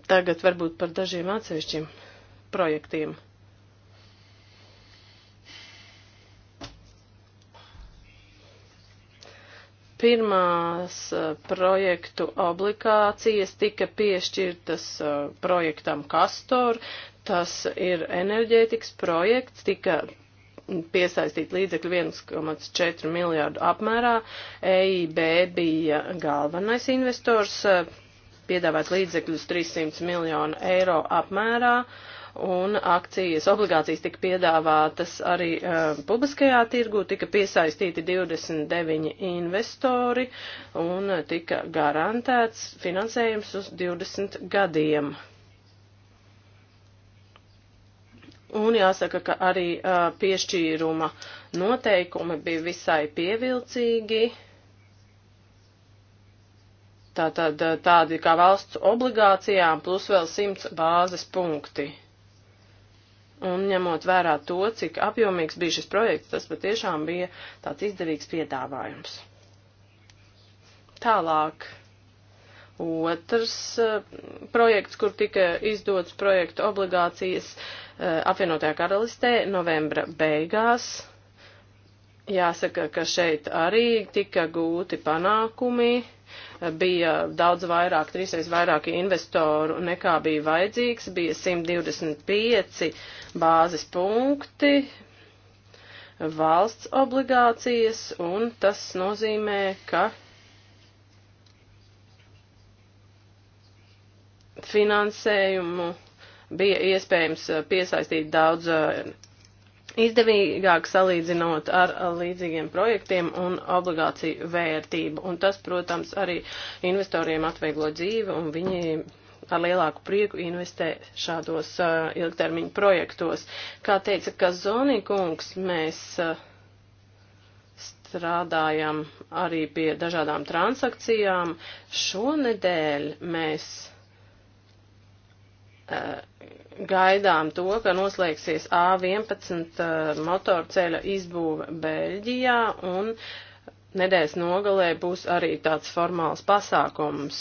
tagad varbūt par dažiem atsevišķiem projektiem. Pirmās eh, projektu obligācijas tika piešķirtas eh, projektam Kastor, tas ir enerģētikas projekts, tika piesaistīt līdzekļu 1,4 miljārdu apmērā. EIB bija galvenais investors, eh, piedāvāts līdzekļus 300 miljonu eiro apmērā. Uh, un akcijas obligācijas tika piedāvātas arī uh, publiskajā tirgu, tika piesaistīti 29 investori un tika garantēts finansējums uz 20 gadiem. Un jāsaka, ka arī uh, piešķīruma noteikumi bija visai pievilcīgi. Tātad eh, tādi kā valsts obligācijām plus vēl 100 bāzes punkti. Un ņemot vērā to, cik apjomīgs bija šis projekts, tas patiešām bija tāds izdevīgs piedāvājums. Tālāk. Otrs eh, projekts, kur tika izdots projektu obligācijas eh, apvienotajā karalistē novembra beigās. Jāsaka, ka šeit arī tika gūti panākumi bija daudz vairāk, trīsreiz vairāk investoru nekā bija vajadzīgs, bija 125 bāzes punkti, valsts obligācijas, un tas nozīmē, ka finansējumu bija iespējams piesaistīt daudz izdevīgāk salīdzinot ar līdzīgiem projektiem un obligāciju vērtību. Un tas, protams, arī investoriem atvieglo dzīvi un viņi ar lielāku prieku investē šādos uh, ilgtermiņu projektos. Kā teica Kazonī kungs, mēs uh, strādājam arī pie dažādām transakcijām. Šonedēļ mēs uh, gaidām to, ka noslēgsies A11 uh, eh, motorceļa izbūve Beļģijā un nedēļas nogalē būs arī tāds formāls pasākums.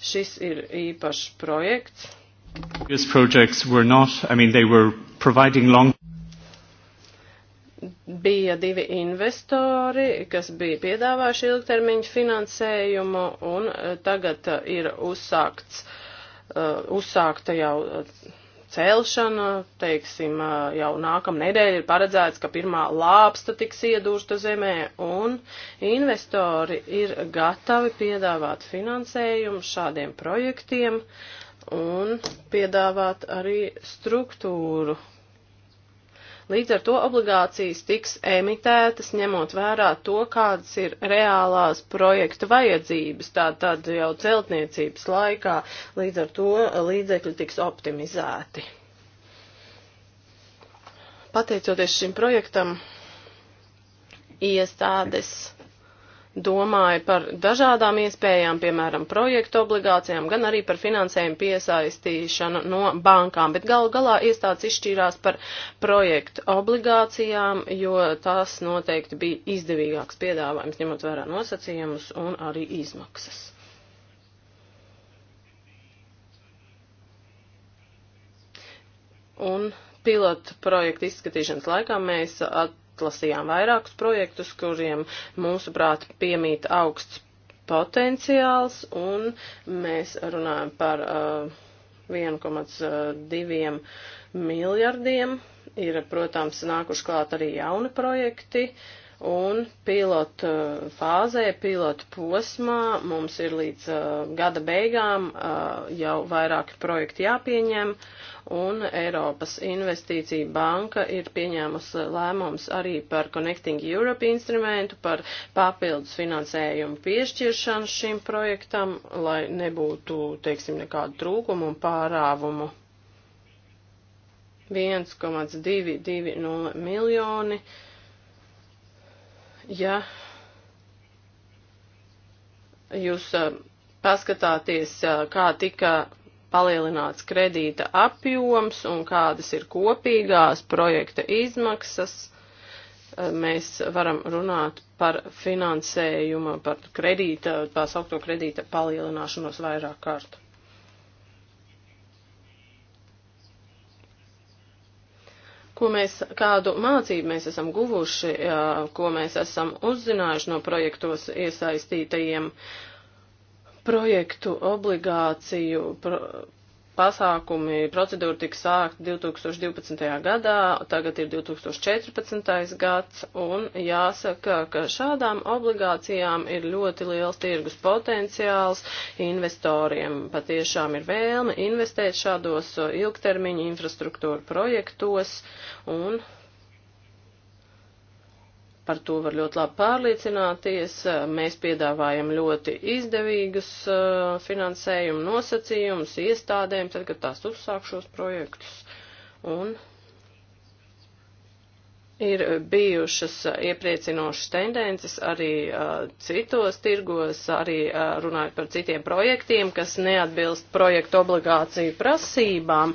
Šis ir īpašs projekts. These projects were not, I mean, they were providing long bija divi investori, kas bija piedāvājuši ilgtermiņu finansējumu, un eh, tagad eh, ir uzsākts, uzsākta jau celšanu, teiksim, jau nākam nedēļa ir paredzēts, ka pirmā lāpsta tiks iedūšta zemē, un investori ir gatavi piedāvāt finansējumu šādiem projektiem un piedāvāt arī struktūru Līdz ar to obligācijas tiks emitētas, ņemot vērā to, kādas ir reālās projekta vajadzības, tā tad jau celtniecības laikā, līdz ar to līdzekļi tiks optimizēti. Pateicoties šim projektam, iestādes domāja par dažādām iespējām, piemēram, projektu obligācijām, gan arī par finansējumu piesaistīšanu no bankām, bet gal galā iestāds izšķīrās par projektu obligācijām, jo tas noteikti bija izdevīgāks piedāvājums, ņemot vērā nosacījumus un arī izmaksas. Un pilotu projektu izskatīšanas laikā mēs at atlasījām vairākus projektus, kuriem mūsuprāt piemīta augsts potenciāls, un mēs runājam par uh, 1,2 uh, miljardiem. Ir, protams, nākuši klāt arī jauni projekti. Uh, Un pilotu uh, fāzē, pilotu posmā mums ir līdz uh, gada beigām uh, jau vairāki projekti jāpieņem, un Eiropas investīcija banka ir pieņēmusi lēmums arī par Connecting Europe instrumentu, par papildus finansējumu piešķiršanu šim projektam, lai nebūtu, teiksim, nekādu trūkumu un pārāvumu. 1,220 miljoni. Uh, ja jūs eh, paskatāties, eh, kā tika palielināts kredīta apjoms un kādas ir kopīgās projekta izmaksas, eh, mēs varam runāt par finansējumu, par kredīta, tā saukto kredīta palielināšanos vairāk kārtu. ko mēs, kādu mācību mēs esam guvuši, ko mēs esam uzzinājuši no projektos iesaistītajiem projektu obligāciju pro pasākumi, procedūra tika sākta 2012. gadā, tagad ir 2014. gads, un jāsaka, ka šādām obligācijām ir ļoti liels tirgus potenciāls investoriem. Patiešām ir vēlme investēt šādos ilgtermiņa infrastruktūra projektos, un Par to var ļoti labi pārliecināties. Eh, mēs piedāvājam ļoti izdevīgus eh, finansējumu nosacījumus iestādēm, tad, kad tās uzsāk šos projektus. Un Ir bijušas iepriecinošas tendences arī uh, citos tirgos, arī uh, runājot par citiem projektiem, kas neatbilst projektu obligāciju prasībām,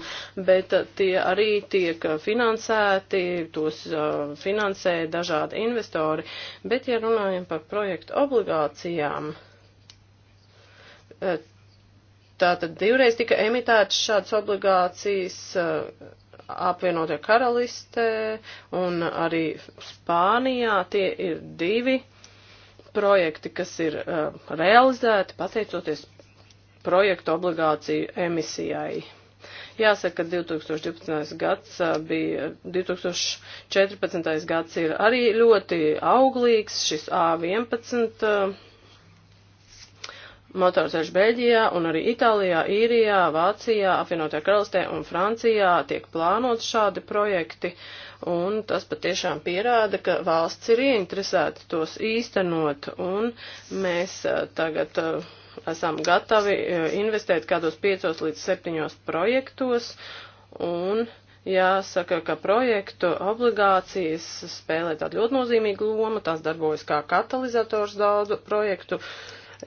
bet uh, tie arī tiek finansēti, tos uh, finansē dažādi investori. Bet, ja runājam par projektu obligācijām, uh, tātad divreiz tika emitētas šādas obligācijas. Uh, apvienotie karalistē un arī Spānijā. Tie ir divi projekti, kas ir uh, realizēti pateicoties projektu obligāciju emisijai. Jāsaka, ka 2012. gads uh, bija, 2014. gads ir arī ļoti auglīgs, šis A11 Motorzēž Beļģijā un arī Itālijā, Īrijā, Vācijā, apvienotajā karalistē un Francijā tiek plānot šādi projekti, un tas patiešām pierāda, ka valsts ir ieinteresēta tos īstenot, un mēs eh, tagad eh, esam gatavi eh, investēt kādos piecos līdz septiņos projektos, un jāsaka, ka projektu obligācijas spēlē tādu ļoti nozīmīgu lomu, tās darbojas kā katalizators daudzu projektu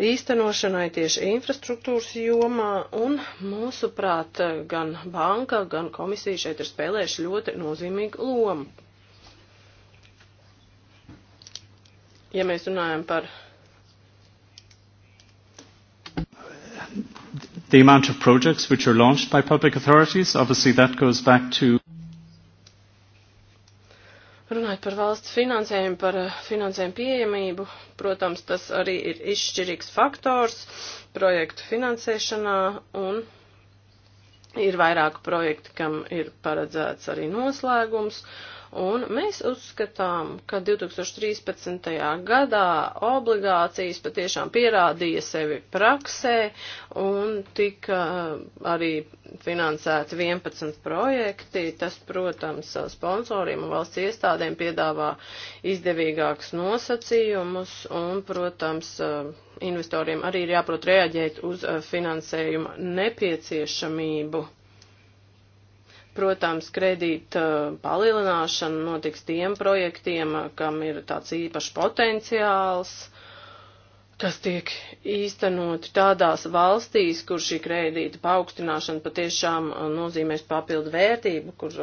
īstenošanai tieši infrastruktūras jomā, un mūsuprāt gan banka, gan komisija šeit ir spēlējuši ļoti nozīmīgu lomu. Ja mēs runājam par. The amount of projects which are launched by public authorities, obviously that goes back to Runājot par valsts finansējumu, par eh, finansējumu pieejamību, protams, tas arī ir izšķirīgs faktors projektu finansēšanā un ir vairāku projektu, kam ir paredzēts arī noslēgums Un mēs uzskatām, ka 2013. gadā obligācijas patiešām pierādīja sevi praksē un tika uh, arī finansēti 11 projekti. Tas, protams, uh, sponsoriem un valsts iestādēm piedāvā izdevīgākus nosacījumus un, protams, uh, investoriem arī ir jāprot reaģēt uz finansējuma nepieciešamību. Protams, kredīta uh, palielināšana notiks tiem projektiem, uh, kam ir tāds īpašs potenciāls, kas tiek īstenoti tādās valstīs, kur šī kredīta paaugstināšana patiešām uh, nozīmēs papildu vērtību, kur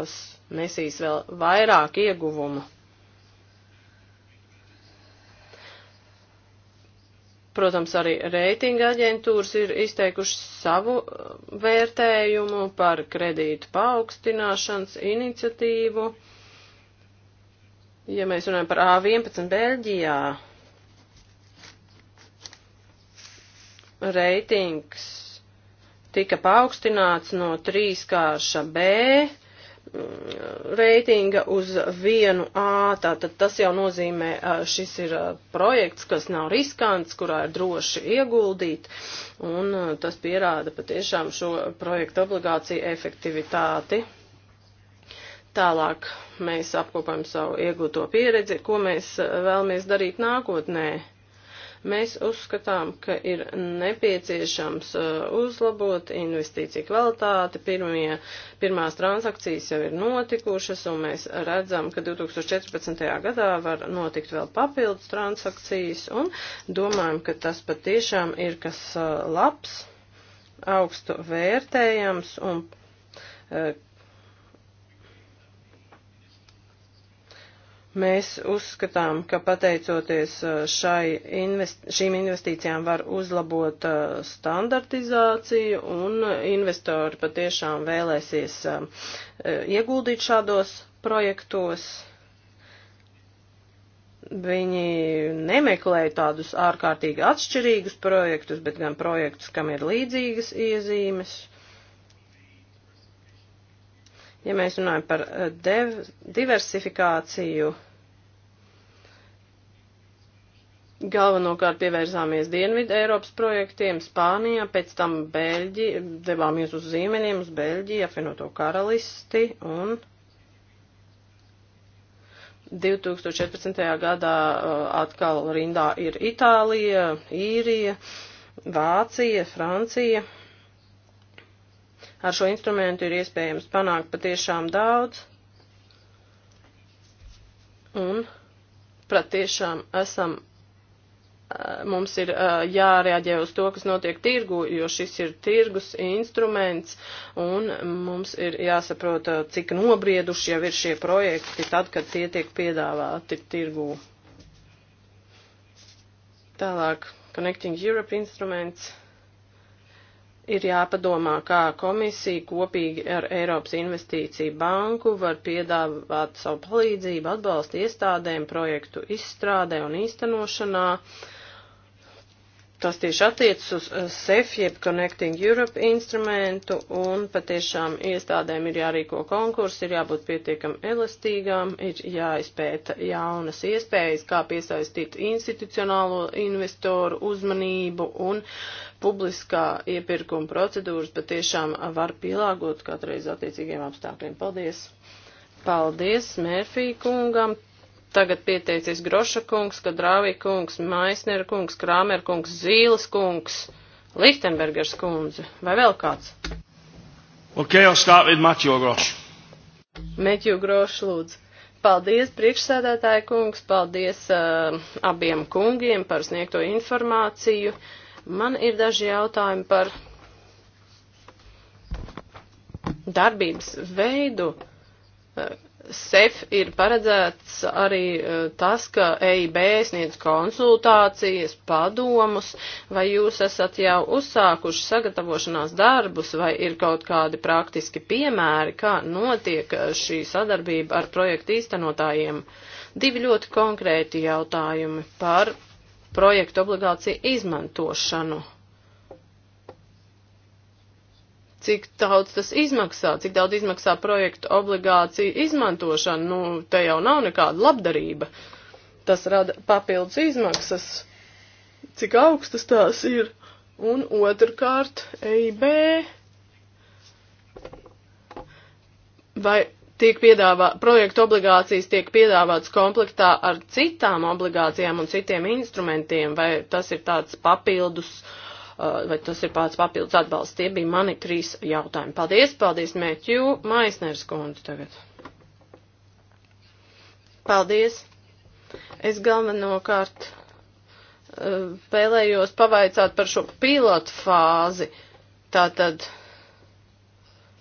tas nesīs vēl vairāk ieguvumu. Protams, arī reitinga aģentūras ir izteikuši savu eh, vērtējumu par kredītu paaugstināšanas iniciatīvu. Ja mēs runājam par A11 Beļģijā, reitings tika paaugstināts no trīskārša B Mm, reitinga uz vienu A, tātad tas jau nozīmē, šis ir projekts, kas nav riskants, kurā ir droši ieguldīt, un tas pierāda patiešām šo projektu obligāciju efektivitāti. Tālāk mēs apkopam savu iegūto pieredzi, ko mēs vēlamies darīt nākotnē. Mēs uzskatām, ka ir nepieciešams uh, uzlabot investīciju kvalitāti. Pirmie, pirmās transakcijas jau ir notikušas, un mēs redzam, ka 2014. gadā var notikt vēl papildus transakcijas, un domājam, ka tas patiešām ir kas uh, labs, augstu vērtējams un uh, Mēs uzskatām, ka pateicoties uh, šai invest šīm investīcijām var uzlabot uh, standartizāciju un investori patiešām vēlēsies um, uh, ieguldīt šādos projektos. Viņi nemeklē tādus ārkārtīgi atšķirīgus projektus, bet gan projektus, kam ir līdzīgas iezīmes. Ja mēs runājam par eh, dev, diversifikāciju, galvenokārt pievērsāmies Dienvidu Eiropas projektiem, Spānijā, pēc tam Bēļģi, devāmies uz Ziemeļiem, uz Bēļģiju, apvienoto karalisti un 2014. gadā eh, atkal rindā ir Itālija, Īrija, Vācija, Francija. Ar šo instrumentu ir iespējams panākt patiešām daudz. Un patiešām esam, eh, mums ir eh, jārēģē uz to, kas notiek tirgu, jo šis ir tirgus instruments, un mums ir jāsaprot, eh, cik nobrieduši jau ir šie projekti tad, kad tie tiek piedāvāti tirgū. Tālāk, Connecting Europe instruments ir jāpadomā, kā komisija kopīgi ar Eiropas investīciju banku var piedāvāt savu palīdzību atbalstu iestādēm projektu izstrādē un īstenošanā. Uh, Tas tieši attiecas uz eh, SEF, jeb Connecting Europe instrumentu, un patiešām iestādēm ir jārīko konkursi, ir jābūt pietiekam elastīgām, ir jāizpēta jaunas iespējas, kā piesaistīt institucionālo investoru uzmanību un publiskā iepirkuma procedūras patiešām var pielāgot katreiz attiecīgiem apstākļiem. Paldies! Paldies Mērfī kungam! Tagad pieteicies Groša kungs, Kadrāvī kungs, Maisner kungs, Krāmer kungs, Zīles kungs, Lichtenbergers kundze vai vēl kāds? Ok, I'll start with Matthew Groš. Matthew Groš, lūdzu. Paldies, priekšsēdētāja kungs, paldies uh, abiem kungiem par sniegto informāciju. Man ir daži jautājumi par darbības veidu. Uh, SEF ir paredzēts arī e, tas, ka EIB sniedz konsultācijas, padomus, vai jūs esat jau uzsākuši sagatavošanās darbus, vai ir kaut kādi praktiski piemēri, kā notiek e, šī sadarbība ar projektu īstenotājiem. Divi ļoti konkrēti jautājumi par projektu obligāciju izmantošanu cik daudz tas izmaksā, cik daudz izmaksā projektu obligāciju izmantošana. Nu, te jau nav nekāda labdarība. Tas rada papildus izmaksas, cik augstas tās ir. Un otrkārt, EIB vai tiek piedāvā, projektu obligācijas tiek piedāvāts komplektā ar citām obligācijām un citiem instrumentiem, vai tas ir tāds papildus uh, Uh, vai tas ir pats papildus atbalsts. Tie bija mani trīs jautājumi. Paldies, paldies, Mēķu, Maisners kundze tagad. Paldies. Es galvenokārt uh, vēlējos pavaicāt par šo pilotu fāzi. Tātad.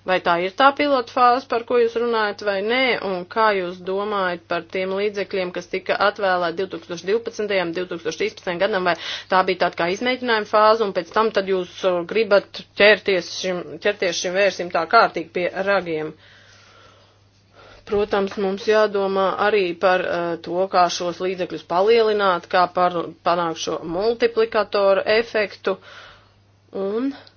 Vai tā ir tā pilota fāze, par ko jūs runājat, vai nē, un kā jūs domājat par tiem līdzekļiem, kas tika atvēlēti 2012. un 2013. gadam, vai tā bija tāda kā izmēģinājuma fāze, un pēc tam tad jūs uh, gribat ķerties šim, ķerties šim vērsim tā kārtīgi pie ragiem? Protams, mums jādomā arī par uh, to, kā šos līdzekļus palielināt, kā par, panākt šo multiplikatoru efektu, un. Uh,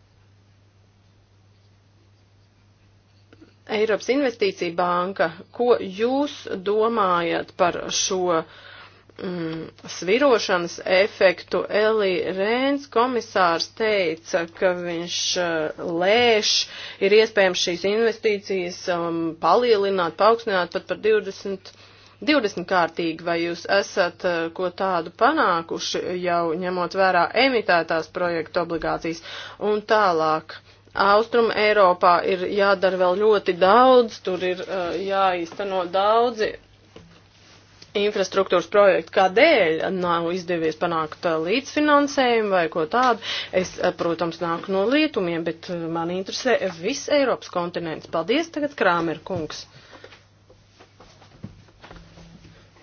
Eiropas Investīcija banka, ko jūs domājat par šo mm, svirošanas efektu? Elī Rēns komisārs teica, ka viņš uh, lēš, ir iespējams šīs investīcijas um, palielināt, paaugstināt pat par 20. 20 kārtīgi, vai jūs esat uh, ko tādu panākuši, jau ņemot vērā emitētās projektu obligācijas un tālāk. Uh, Austrum Eiropā ir jādara vēl ļoti daudz, tur ir uh, jāīsteno daudzi infrastruktūras projektu, kādēļ nav izdevies panākt uh, līdzfinansējumu vai ko tādu. Es, uh, protams, nāku no lietumiem, bet uh, man interesē viss Eiropas kontinents. Paldies, tagad Krāmer kungs.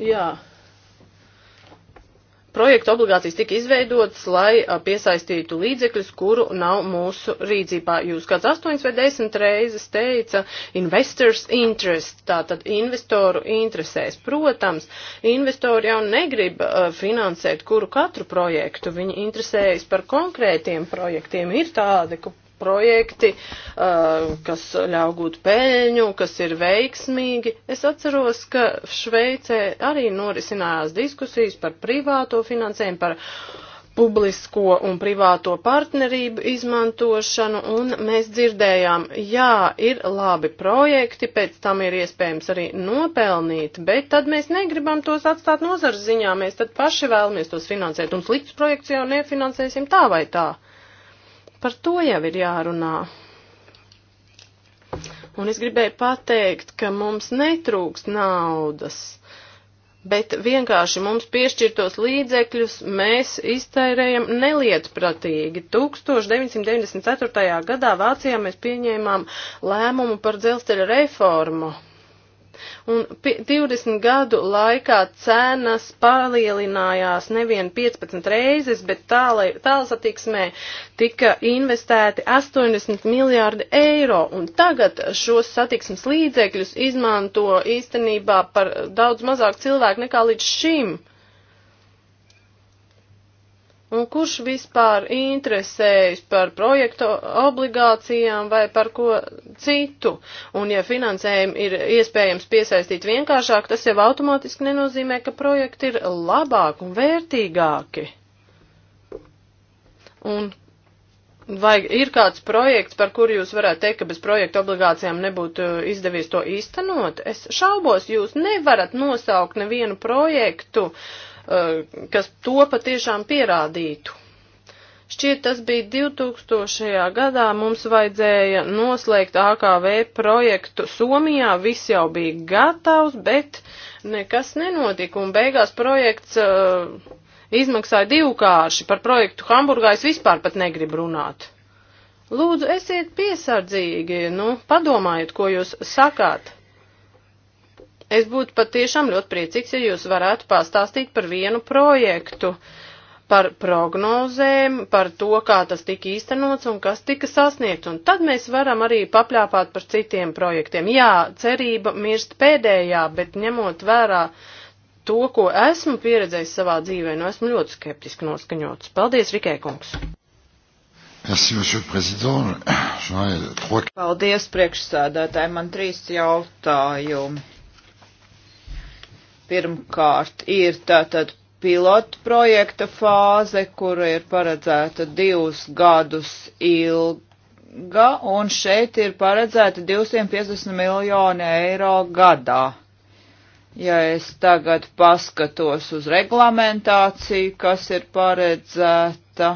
Jā projektu obligācijas tika izveidotas, lai piesaistītu līdzekļus, kuru nav mūsu rīdzībā. Jūs kāds astoņas vai desmit reizes teica investors interest, tātad investoru interesēs. Protams, investori jau negrib finansēt kuru katru projektu, viņi interesējas par konkrētiem projektiem. Ir tādi, projekti, kas ļauj gūt peļņu, kas ir veiksmīgi. Es atceros, ka Šveicē arī norisinājās diskusijas par privāto finansējumu, par publisko un privāto partnerību izmantošanu, un mēs dzirdējām, jā, ir labi projekti, pēc tam ir iespējams arī nopelnīt, bet tad mēs negribam tos atstāt nozars ziņā, mēs tad paši vēlamies tos finansēt, un slikts projekts jau nefinansēsim tā vai tā. Par to jau ir jārunā. Un es gribēju pateikt, ka mums netrūks naudas, bet vienkārši mums piešķirtos līdzekļus mēs iztērējam nelietpratīgi. 1994. gadā Vācijā mēs pieņēmām lēmumu par dzelzceļa reformu un 20 gadu laikā cenas palielinājās nevien 15 reizes, bet tālsatiksmē tika investēti 80 miljārdi eiro, un tagad šos satiksmes līdzekļus izmanto īstenībā par daudz mazāk cilvēku nekā līdz šim. Un kurš vispār interesējas par projektu obligācijām vai par ko citu? Un ja finansējumu ir iespējams piesaistīt vienkāršāk, tas jau automātiski nenozīmē, ka projekti ir labāk un vērtīgāki. Un vai ir kāds projekts, par kuru jūs varētu teikt, ka bez projektu obligācijām nebūtu izdevies to īstenot? Es šaubos, jūs nevarat nosaukt nevienu projektu. Uh, Eh, kas to patiešām pierādītu. Šķiet, tas bija 2000. gadā, mums vajadzēja noslēgt AKV projektu Somijā, viss jau bija gatavs, bet nekas nenotika, un beigās projekts uh, izmaksāja divkārši. Par projektu Hamburgā es vispār pat negribu runāt. Lūdzu, esiet piesardzīgi, nu, padomājiet, ko jūs sakāt. Es būtu patiešām ļoti priecīgs, ja jūs varētu pastāstīt par vienu projektu, par prognozēm, par to, kā tas tika īstenots un kas tika sasniegts. Un tad mēs varam arī papļāpāt par citiem projektiem. Jā, cerība mirst pēdējā, bet ņemot vērā to, ko esmu pieredzējis savā dzīvē, nu esmu ļoti skeptiski noskaņots. Paldies, Rikē kungs! Merci, monsieur le président. Paldies, priekšsēdētāji. Man trīs jautājumi Pirmkārt ir tātad pilotu projekta fāze, kura ir paredzēta divus gadus ilga, un šeit ir paredzēta 250 miljoni eiro gadā. Ja es tagad paskatos uz reglamentāciju, kas ir paredzēta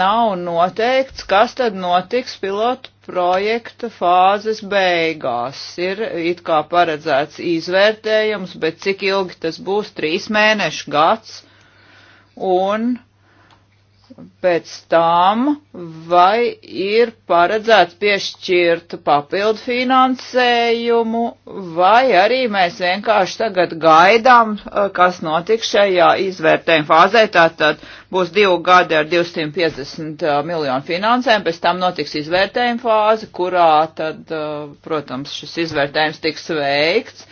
nav noteikts, kas tad notiks pilotu projekta fāzes beigās. Ir it kā paredzēts izvērtējums, bet cik ilgi tas būs - trīs mēnešu gads. Un pēc tam, vai ir paredzēts piešķirt papildu finansējumu, vai arī mēs vienkārši tagad gaidām, eh, kas notiks šajā izvērtējuma fāzē. Tātad būs divi gadi ar 250 eh, miljonu finansēm, pēc tam notiks izvērtējuma fāze, kurā tad, eh, protams, šis izvērtējums tiks veikts,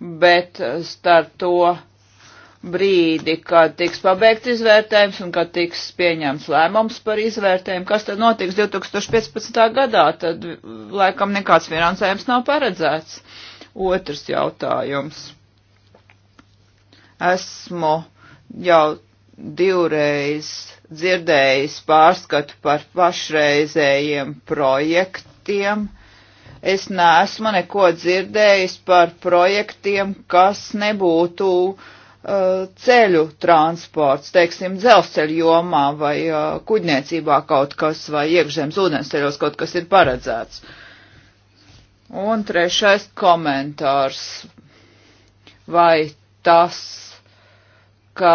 bet starp to brīdi, kad tiks pabeigts izvērtējums un kad tiks pieņemts lēmums par izvērtējumu. Kas tad notiks 2015. gadā? Tad laikam nekāds finansējums nav paredzēts. Otrs jautājums. Esmu jau divreiz dzirdējis pārskatu par pašreizējiem projektiem es neesmu neko dzirdējis par projektiem, kas nebūtu uh, Uh, ceļu transports, teiksim, dzelzceļu jomā vai uh, kuģniecībā kaut kas vai iekšzemes ūdensceļos kaut kas ir paredzēts. Un trešais komentārs. Vai tas, ka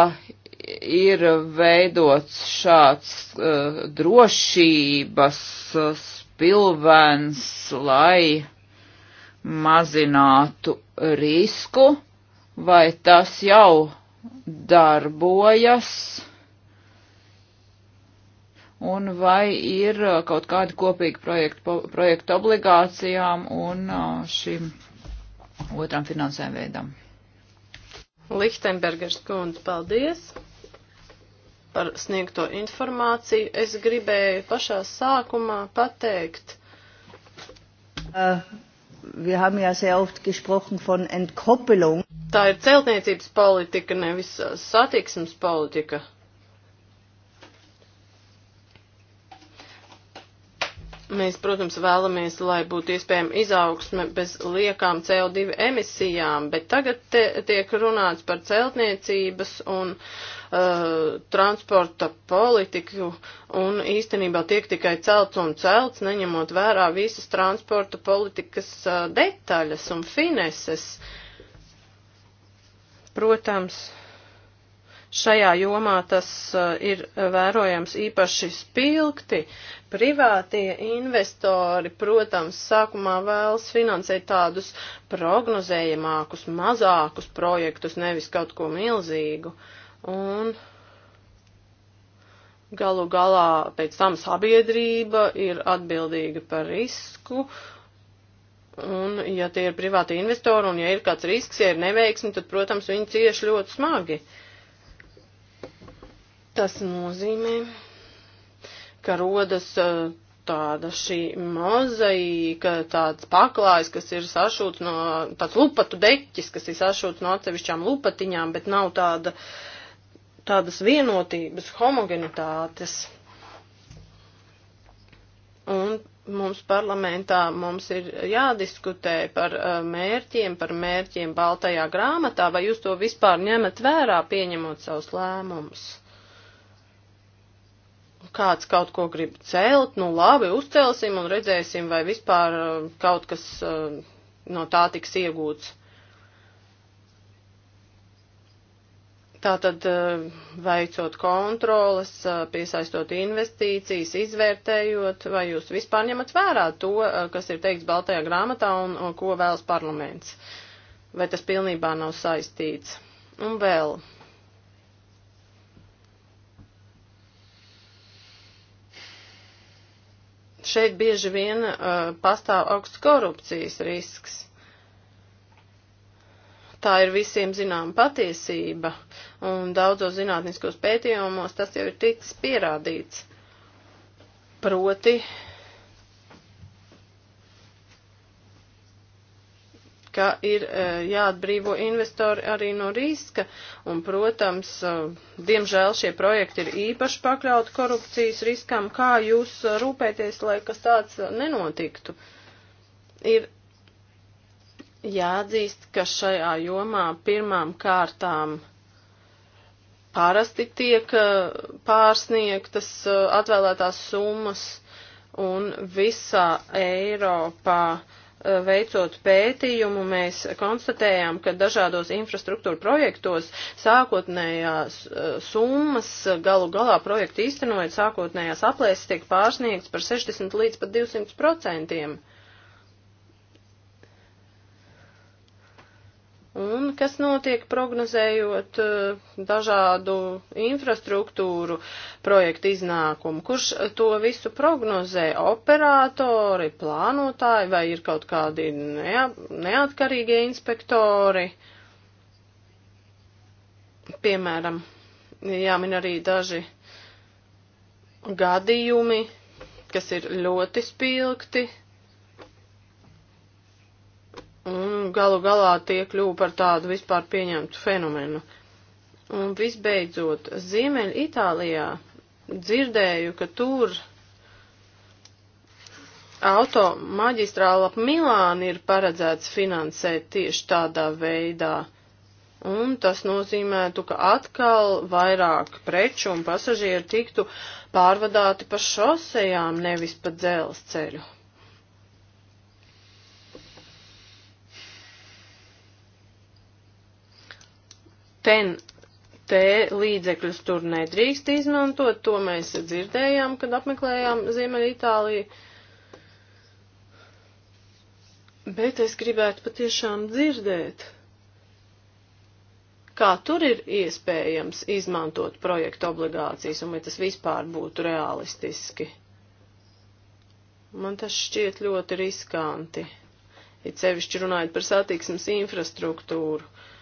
ir veidots šāds uh, drošības uh, spilvens, lai mazinātu risku, vai tas jau darbojas un vai ir uh, kaut kādi kopīgi projektu, projektu obligācijām un uh, šim otram finansējuma veidam. Lichtenbergers kundze, paldies par sniegto informāciju. Es gribēju pašā sākumā pateikt. Uh wir haben ja sehr oft gesprochen von Entkoppelung. Tā ir celtniecības politika, nevis satiksmes politika. Mēs, protams, vēlamies, lai būtu iespējama izaugsme bez liekām CO2 emisijām, bet tagad te, tiek runāts par celtniecības un uh, transporta politiku, un īstenībā tiek tikai celts un celts, neņemot vērā visas transporta politikas uh, detaļas un fineses. Protams, uh, Šajā jomā tas eh, ir vērojams īpaši spilgti. Privātie investori, protams, sākumā vēlas finansēt tādus prognozējamākus, mazākus projektus, nevis kaut ko milzīgu. Un galu galā pēc tam sabiedrība ir atbildīga par risku Un, ja tie ir privāti investori un ja ir kāds risks, ja ir neveiksmi, tad, protams, viņi cieši ļoti smagi. Uh, Tas nozīmē, ka rodas eh, tāda šī mozaīka, tāds paklājs, kas ir sašūts no, tāds lupatu deķis, kas ir sašūts no atsevišķām lupatiņām, bet nav tāda, tādas vienotības, homogenitātes. Un mums parlamentā mums ir jādiskutē par eh, mērķiem, par mērķiem baltajā grāmatā, vai jūs to vispār ņemat vērā, pieņemot savus lēmumus kāds kaut ko grib celt, nu labi, uzcelsim un redzēsim, vai vispār uh, kaut kas uh, no tā tiks iegūts. Tātad uh, veicot kontroles, piesaistot investīcijas, izvērtējot, vai jūs vispār ņemat vērā to, kas ir teikts Baltajā grāmatā un ko vēlas parlaments. Vai tas pilnībā nav saistīts? Un vēl Šeit bieži vien uh, pastāv augsts korupcijas risks. Tā ir visiem zināma patiesība, un daudzos zinātniskos pētījumos tas jau ir ticis pierādīts. Proti, uh, ka ir e, jāatbrīvo investori arī no riska, un, protams, e, diemžēl šie projekti ir īpaši pakļauti korupcijas riskam. Kā jūs e, rūpēties, lai kas tāds nenotiktu? Ir jāatzīst, ka šajā jomā pirmām kārtām parasti tiek pārsniegtas atvēlētās summas, un visā Eiropā uh, Eh, veicot pētījumu, mēs konstatējām, ka dažādos infrastruktūra projektos sākotnējās eh, summas galu galā projektu īstenojot sākotnējās aplēses tiek pārsniegts par 60 līdz pat 200 procentiem. Uh, Un kas notiek prognozējot eh, dažādu infrastruktūru projektu iznākumu? Kurš to visu prognozē? Operatori, plānotāji vai ir kaut kādi neatkarīgie inspektori? Piemēram, jāmin arī daži gadījumi, kas ir ļoti spilgti un galu galā tie kļuva par tādu vispār pieņemtu fenomenu. Un visbeidzot, Ziemeļ Itālijā dzirdēju, ka tur auto maģistrāla ap Milānu ir paredzēts finansēt tieši tādā veidā. Un tas nozīmētu, ka atkal vairāk preču un pasažieru tiktu pārvadāti pa šosejām, nevis pa dzelzceļu. ten te līdzekļus tur nedrīkst izmantot, to mēs dzirdējām, kad apmeklējām Ziemeļa Itāliju. Bet es gribētu patiešām dzirdēt, kā tur ir iespējams izmantot projektu obligācijas un vai tas vispār būtu realistiski. Man tas šķiet ļoti riskanti, it sevišķi runājot par satiksmes infrastruktūru. Uh,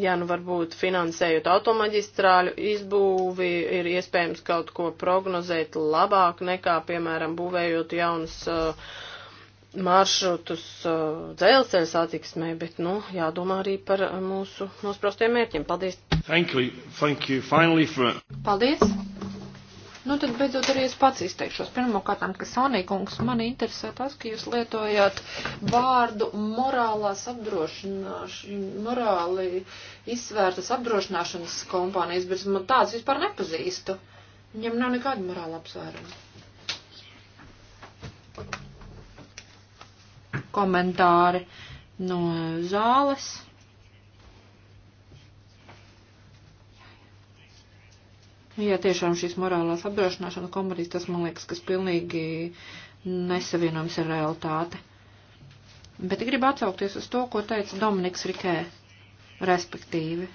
ja nu varbūt finansējot automaģistrāļu izbūvi, ir iespējams kaut ko prognozēt labāk nekā, piemēram, būvējot jaunus uh, maršrutus uh, dzelzceļa satiksmē, bet, nu, jādomā arī par mūsu nosprostiem mērķiem. Paldies! Thank you. Thank you. Finally for... Paldies! Nu, tad beidzot arī es pats izteikšos. Pirmkārt, ka Sanīkungs man interesē tas, ka jūs lietojāt vārdu morālās apdrošināšanas, morāli izsvērtas apdrošināšanas kompānijas, bet man tāds vispār nepazīstu. Viņam nav nekāda morāla apsvēruma. Komentāri no zāles. Jā, tiešām šīs morālās apdrošināšanas komodijas, tas man liekas, kas pilnīgi nesavienojams ar realitāti. Bet gribu atsaukties uz to, ko teica Dominiks Rikē, respektīvi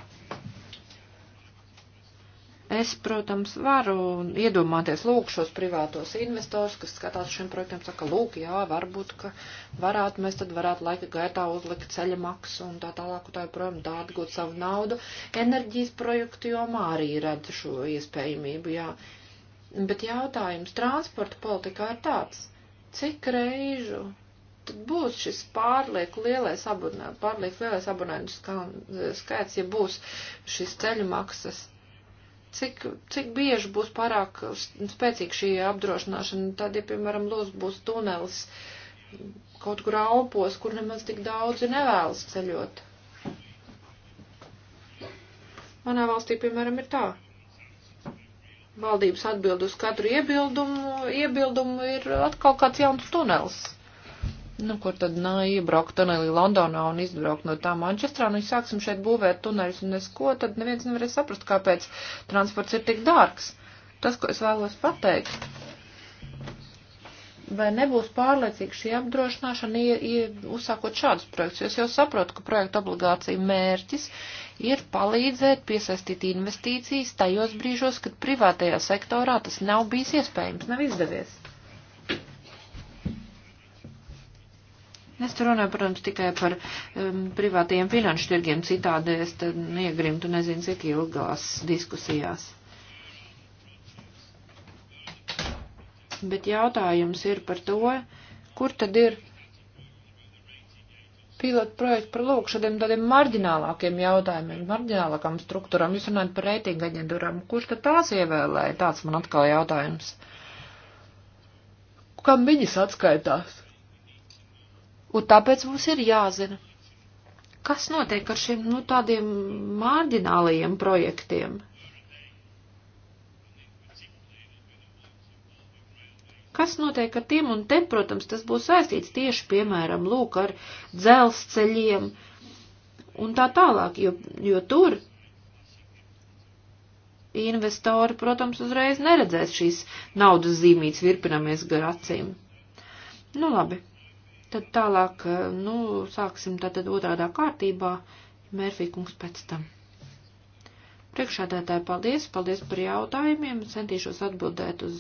Es, protams, varu iedomāties, lūk, šos privātos investors, kas skatās šiem projektiem, saka, lūk, jā, varbūt, ka varētu, mēs tad varētu laika gaitā uzlikt ceļa maksu un tā tālāk, un tā joprojām tā atgūt savu naudu. Enerģijas projektu jomā arī redz šo iespējamību, jā. Bet jautājums transporta politikā ir tāds, cik reižu tad būs šis pārlieku lielais abonētu, pārlieku lielais abonētu skaits, ja būs šis ceļu maksas cik, cik bieži būs pārāk spēcīga šī apdrošināšana. Tad, ja, piemēram, lūs būs tunelis kaut kur aupos, kur nemaz tik daudzi nevēlas ceļot. Manā valstī, piemēram, ir tā. Valdības atbild uz katru iebildumu, iebildumu ir atkal kāds jauns tunelis. Nu, kur tad nā, iebraukt tunelī Londonā un izbraukt no tā Manchestrā, nu, sāksim šeit būvēt tuneļus un es ko, tad neviens nevarēs saprast, kāpēc transports ir tik dārgs. Tas, ko es vēlos pateikt, vai nebūs pārliecīga šī apdrošināšana, ie, ie, uzsākot šādus projektus, jo es jau saprotu, ka projekta obligācija mērķis ir palīdzēt piesaistīt investīcijas tajos brīžos, kad privātajā sektorā tas nav bijis iespējams, nav izdevies. Es te runāju, protams, tikai par um, privātajiem finanšu tirgiem, citādi es tad iegrimtu nezinu, cik ilgās diskusijās. Bet jautājums ir par to, kur tad ir pilotu projektu par lūk šādiem tādiem marģinālākiem jautājumiem, marģinālākām struktūrām. Jūs runājat par reitinga aģentūrām. Kurš tad tās ievēlēja? Tāds man atkal jautājums. Kam viņas atskaitās? Un tāpēc mums ir jāzina, kas notiek ar šiem, nu, tādiem marģinālajiem projektiem. Kas notiek ar tiem un te, protams, tas būs saistīts tieši, piemēram, lūk, ar dzelzceļiem un tā tālāk, jo, jo tur investori, protams, uzreiz neredzēs šīs naudas zīmītas virpinamies gar acīm. Nu labi. Tad tālāk, eh, nu, sāksim tātad otrādā kārtībā, Mērfīkungs pēc tam. Priekšādātāji, paldies, paldies par jautājumiem, centīšos atbildēt uz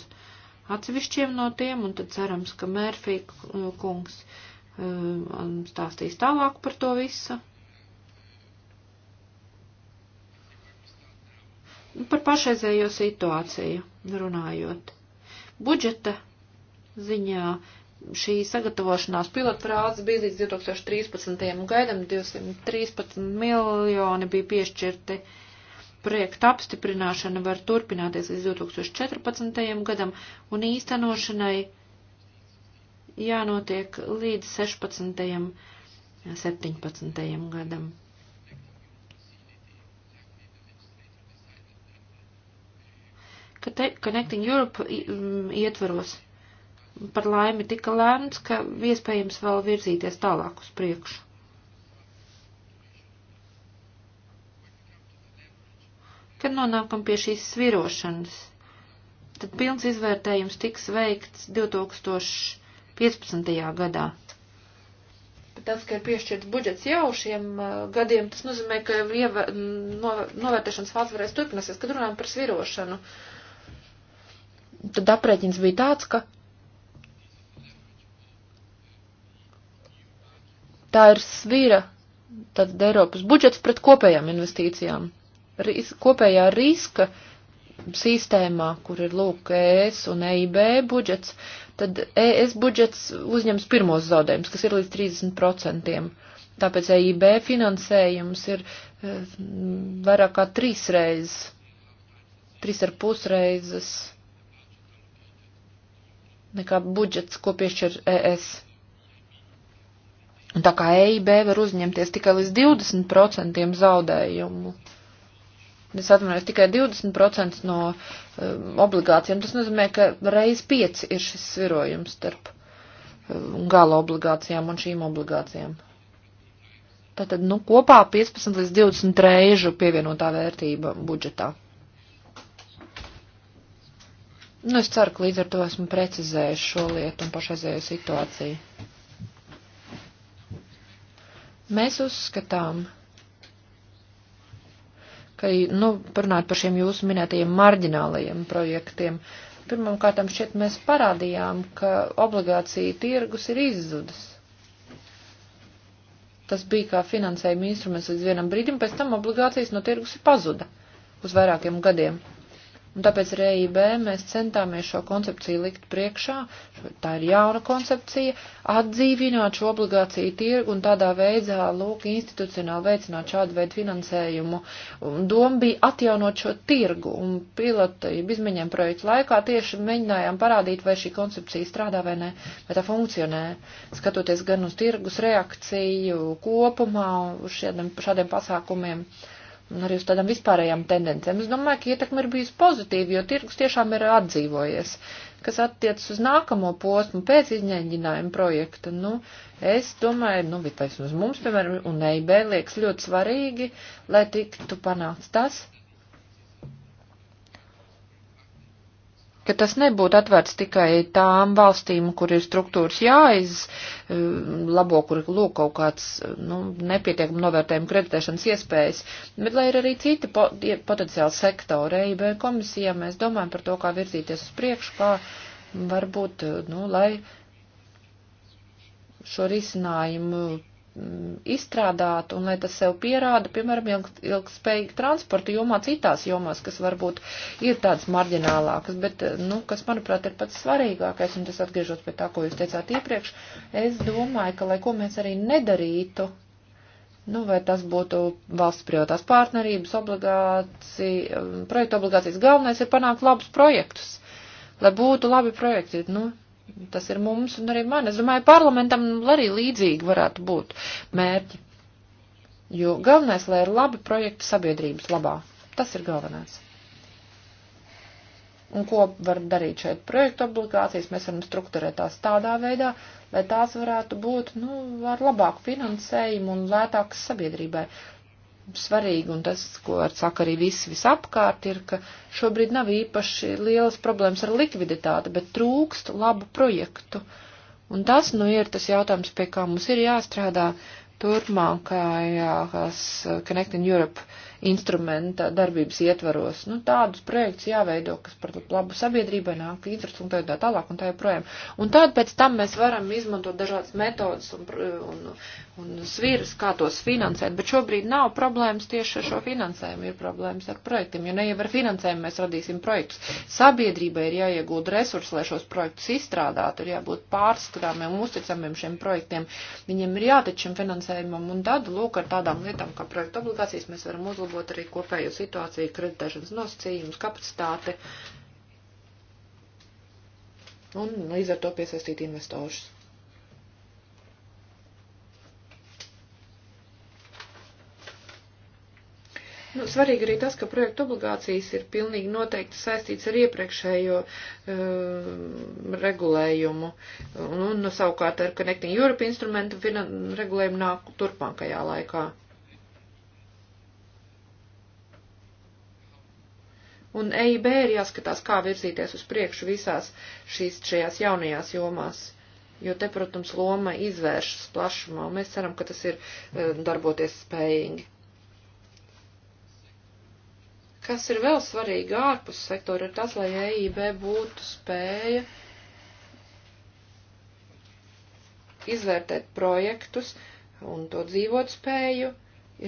atsevišķiem no tiem, un tad cerams, ka Mērfīkungs eh, eh, stāstīs tālāk par to visu. Par pašreizējo situāciju runājot. Budžeta ziņā šī sagatavošanās pilotprāts bija līdz 2013. un gaidam 213 miljoni bija piešķirti. Projekta apstiprināšana var turpināties līdz 2014. gadam un īstenošanai jānotiek līdz 16. 17. gadam. Connecting Europe ietvaros par laimi tika lēmts, ka iespējams vēl virzīties tālāk uz priekšu. Kad nonākam pie šīs svirošanas, tad pilns izvērtējums tiks veikts 2015. gadā. Bet tas, ka ir piešķirts budžets jau šiem uh, gadiem, tas nozīmē, ka ievē, no, novērtēšanas fāze varēs turpināsies, kad runājam par svirošanu. Tad aprēķins bija tāds, ka Tā ir svira, tātad Eiropas budžets pret kopējām investīcijām. Ris, kopējā riska sistēmā, kur ir lūk ES un EIB budžets, tad ES budžets uzņems pirmos zaudējumus, kas ir līdz 30%. Tāpēc EIB finansējums ir eh, vairāk kā trīs reizes, trīs ar pusreizes nekā budžets, ko piešķir ES. Un tā kā EIB var uzņemties tikai līdz 20% zaudējumu. Es atvainojos tikai 20% no um, obligācijām. Tas nozīmē, ka reiz 5 ir šis svirojums starp um, gala obligācijām un šīm obligācijām. Tātad, nu, kopā 15 līdz 20 reižu pievienotā vērtība budžetā. Nu, es ceru, ka līdz ar to esmu precizējis šo lietu un pašreizējo situāciju. Mēs uzskatām, ka, nu, parunāt par šiem jūsu minētajiem marģinālajiem projektiem, pirmkārt, šķiet, mēs parādījām, ka obligācija tirgus ir izzudis. Tas bija kā finansējuma instruments līdz vienam brīdim, pēc tam obligācijas no tirgus ir pazuda uz vairākiem gadiem. Un tāpēc ar EIB mēs centāmies šo koncepciju likt priekšā, tā ir jauna koncepcija, atdzīvināt šo obligāciju tirgu un tādā veidā, lūk, institucionāli veicināt šādu veidu finansējumu. Un doma bija atjaunot šo tirgu un pilota izmaiņām projektu laikā tieši mēģinājām parādīt, vai šī koncepcija strādā vai nē, vai tā funkcionē, skatoties gan uz tirgus reakciju kopumā, uz šādiem, šādiem pasākumiem. Uh, un arī uz tādām vispārējām tendencēm. Es domāju, ka ietekme ir bijusi pozitīva, jo tirgus tiešām ir atdzīvojies. Kas attiecas uz nākamo posmu pēc izņēģinājuma projekta, nu, es domāju, nu, vitais uz mums, piemēram, un EIB liekas ļoti svarīgi, lai tiktu panāks tas, ka tas nebūtu atvērts tikai tām valstīm, kur ir struktūras jāizlabo, eh, kur ir lūk kaut kāds eh, nu, nepietiekami novērtējuma kreditēšanas iespējas, bet lai ir arī citi po, potenciāli sektori. EIB komisijā mēs domājam par to, kā virzīties uz priekšu, kā varbūt, eh, nu, lai šo risinājumu Mm, izstrādāt un lai tas sev pierāda, piemēram, ilgspējīgi transporta jomā, citās jomās, kas varbūt ir tādas marģinālākas, bet, eh, nu, kas, manuprāt, ir pats svarīgākais, un tas atgriežot pie tā, ko jūs teicāt iepriekš, es domāju, ka, lai ko mēs arī nedarītu, Nu, vai tas būtu valsts privātās partnerības obligācija, mm, projekta obligācijas galvenais ir panākt labus projektus, lai būtu labi projekti. Nu, Tas ir mums un arī man. Es domāju, parlamentam arī līdzīgi varētu būt mērķi. Jo galvenais, lai ir labi projekti sabiedrības labā. Tas ir galvenais. Un ko var darīt šeit? Projektu obligācijas mēs varam strukturēt tās tādā veidā, lai tās varētu būt, nu, ar labāku finansējumu un lētākas sabiedrībai svarīgi, un tas, ko ar saka arī visi visapkārt, ir, ka šobrīd nav īpaši lielas problēmas ar likviditāti, bet trūkst labu projektu. Un tas, nu, ir tas jautājums, pie kā mums ir jāstrādā turpmākajās Connecting Europe instrumenta darbības ietvaros. Nu, tādus projektus jāveido, kas par labu sabiedrībai nāk, infrastruktūrai tā tālāk un tā joprojām. Un tad pēc tam mēs varam izmantot dažādas metodas un, un un sviras, kā tos finansēt, bet šobrīd nav problēmas tieši ar šo finansējumu, ir problēmas ar projektiem, jo ne jau ar finansējumu mēs radīsim projektus. Sabiedrībai ir jāiegūda resursi, lai šos projektus izstrādātu, ir jābūt pārskatāmiem, uzticamiem šiem projektiem, viņiem ir jātiek šim finansējumam, un tad, lūk, ar tādām lietām kā projektu obligācijas mēs varam uzlabot arī kopējo situāciju, kreditēšanas nosacījumus, kapacitāti, un līdz ar to piesaistīt investorus. Nu, svarīgi arī tas, ka projektu obligācijas ir pilnīgi noteikti saistīts ar iepriekšējo uh, regulējumu un, un no, savukārt ar Connecting Europe instrumentu regulējumu nāk turpmākajā laikā. Un EIB ir jāskatās, kā virzīties uz priekšu visās šīs šajās jaunajās jomās jo te, protams, loma izvēršas plašumā, un mēs ceram, ka tas ir eh, darboties spējīgi. Kas ir vēl svarīgi ārpus sektora, ir tas, lai EIB būtu spēja izvērtēt projektus un to dzīvot spēju.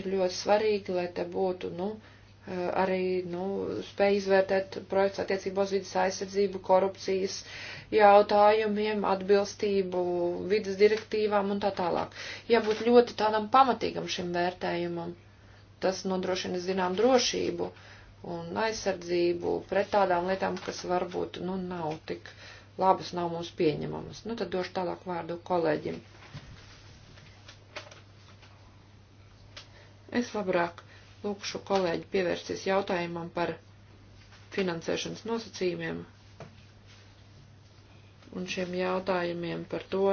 Ir ļoti svarīgi, lai te būtu, nu, eh, arī, nu, spēja izvērtēt projekts attiecībā uz vidas aizsardzību, korupcijas jautājumiem, atbilstību vidas direktīvām un tā tālāk. Jābūt ļoti tādam pamatīgam šim vērtējumam. Tas nodrošina zinām drošību. Uh, un aizsardzību pret tādām lietām, kas varbūt, nu, nav tik labas, nav mums pieņemamas. Nu, tad došu tālāk vārdu kolēģim. Es labāk lūkšu kolēģi pievērsties jautājumam par finansēšanas nosacījumiem un šiem jautājumiem par to,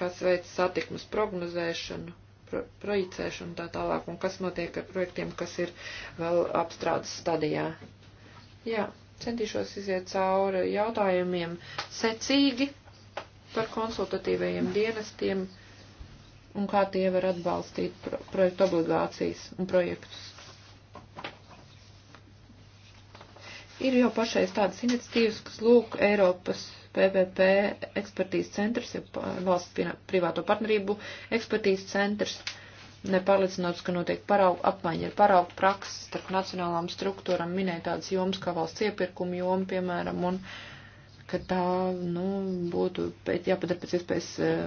kas veic satikmes prognozēšanu pro, projicēšanu tā tālāk, un kas notiek ar projektiem, kas ir vēl apstrādes stadijā. Jā, centīšos iziet cauri jautājumiem secīgi par konsultatīvajiem dienestiem un kā tie var atbalstīt pro, projektu obligācijas un projektus. Ir jau pašais tādas iniciatīvas, kas lūk Eiropas PVP ekspertīzes centrs, ja valsts privāto partnerību ekspertīzes centrs, nepārliecināts, ka notiek paraugu apmaiņa ar paraugu prakses starp nacionālām struktūram, minēja tādas jomas kā valsts iepirkuma joma, piemēram, un ka tā, nu, būtu pēc, jāpadara pēc iespējas eh,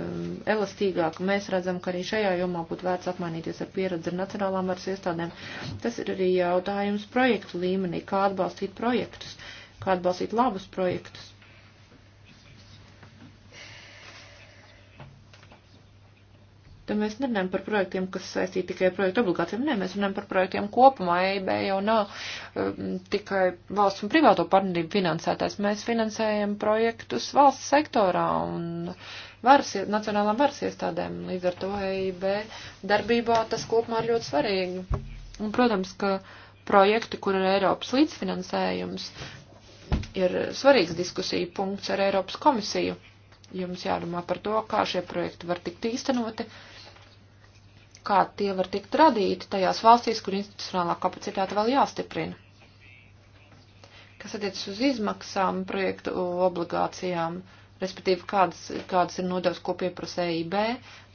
elastīgāk. Mēs redzam, ka arī šajā jomā būtu vērts apmainīties ar pieredzi ar nacionālām varas iestādēm. Tas ir arī jautājums projektu līmenī, kā atbalstīt projektus, kā atbalstīt labus projektus. Te mēs nerunājam par projektiem, kas saistīti tikai projektu obligācijām. Nē, mēs runājam par projektiem kopumā. EIB jau nav um, tikai valsts un privāto partnerību finansētājs. Mēs finansējam projektus valsts sektorā un varas, nacionālām varas iestādēm. Līdz ar to EIB darbībā tas kopumā ir ļoti svarīgi. Un, protams, ka projekti, kur ir Eiropas līdzfinansējums, ir svarīgs diskusija punkts ar Eiropas komisiju jums jārunā par to, kā šie projekti var tikt īstenoti, kā tie var tikt radīti tajās valstīs, kur institucionālā kapacitāte vēl jāstiprina. Kas attiecas uz izmaksām projektu obligācijām, respektīvi kādas, kādas ir nodevs, ko pieprasa EIB,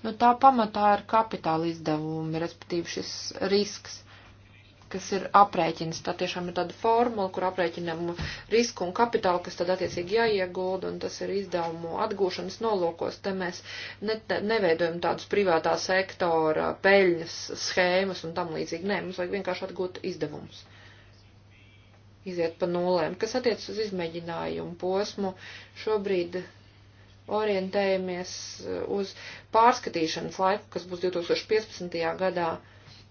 nu tā pamatā ir kapitāla izdevumi, respektīvi šis risks kas ir aprēķins. Tā tiešām ir tāda formula, kur aprēķinam risku un kapitālu, kas tad attiecīgi jāiegulda, un tas ir izdevumu atgūšanas nolūkos. Te mēs ne, neveidojam tādus privātā sektora peļņas schēmas un tam līdzīgi. Nē, mums vajag vienkārši atgūt izdevumus. Iziet pa nulēm. Kas attiec uz izmēģinājumu posmu, šobrīd orientējamies uz pārskatīšanas laiku, kas būs 2015. gadā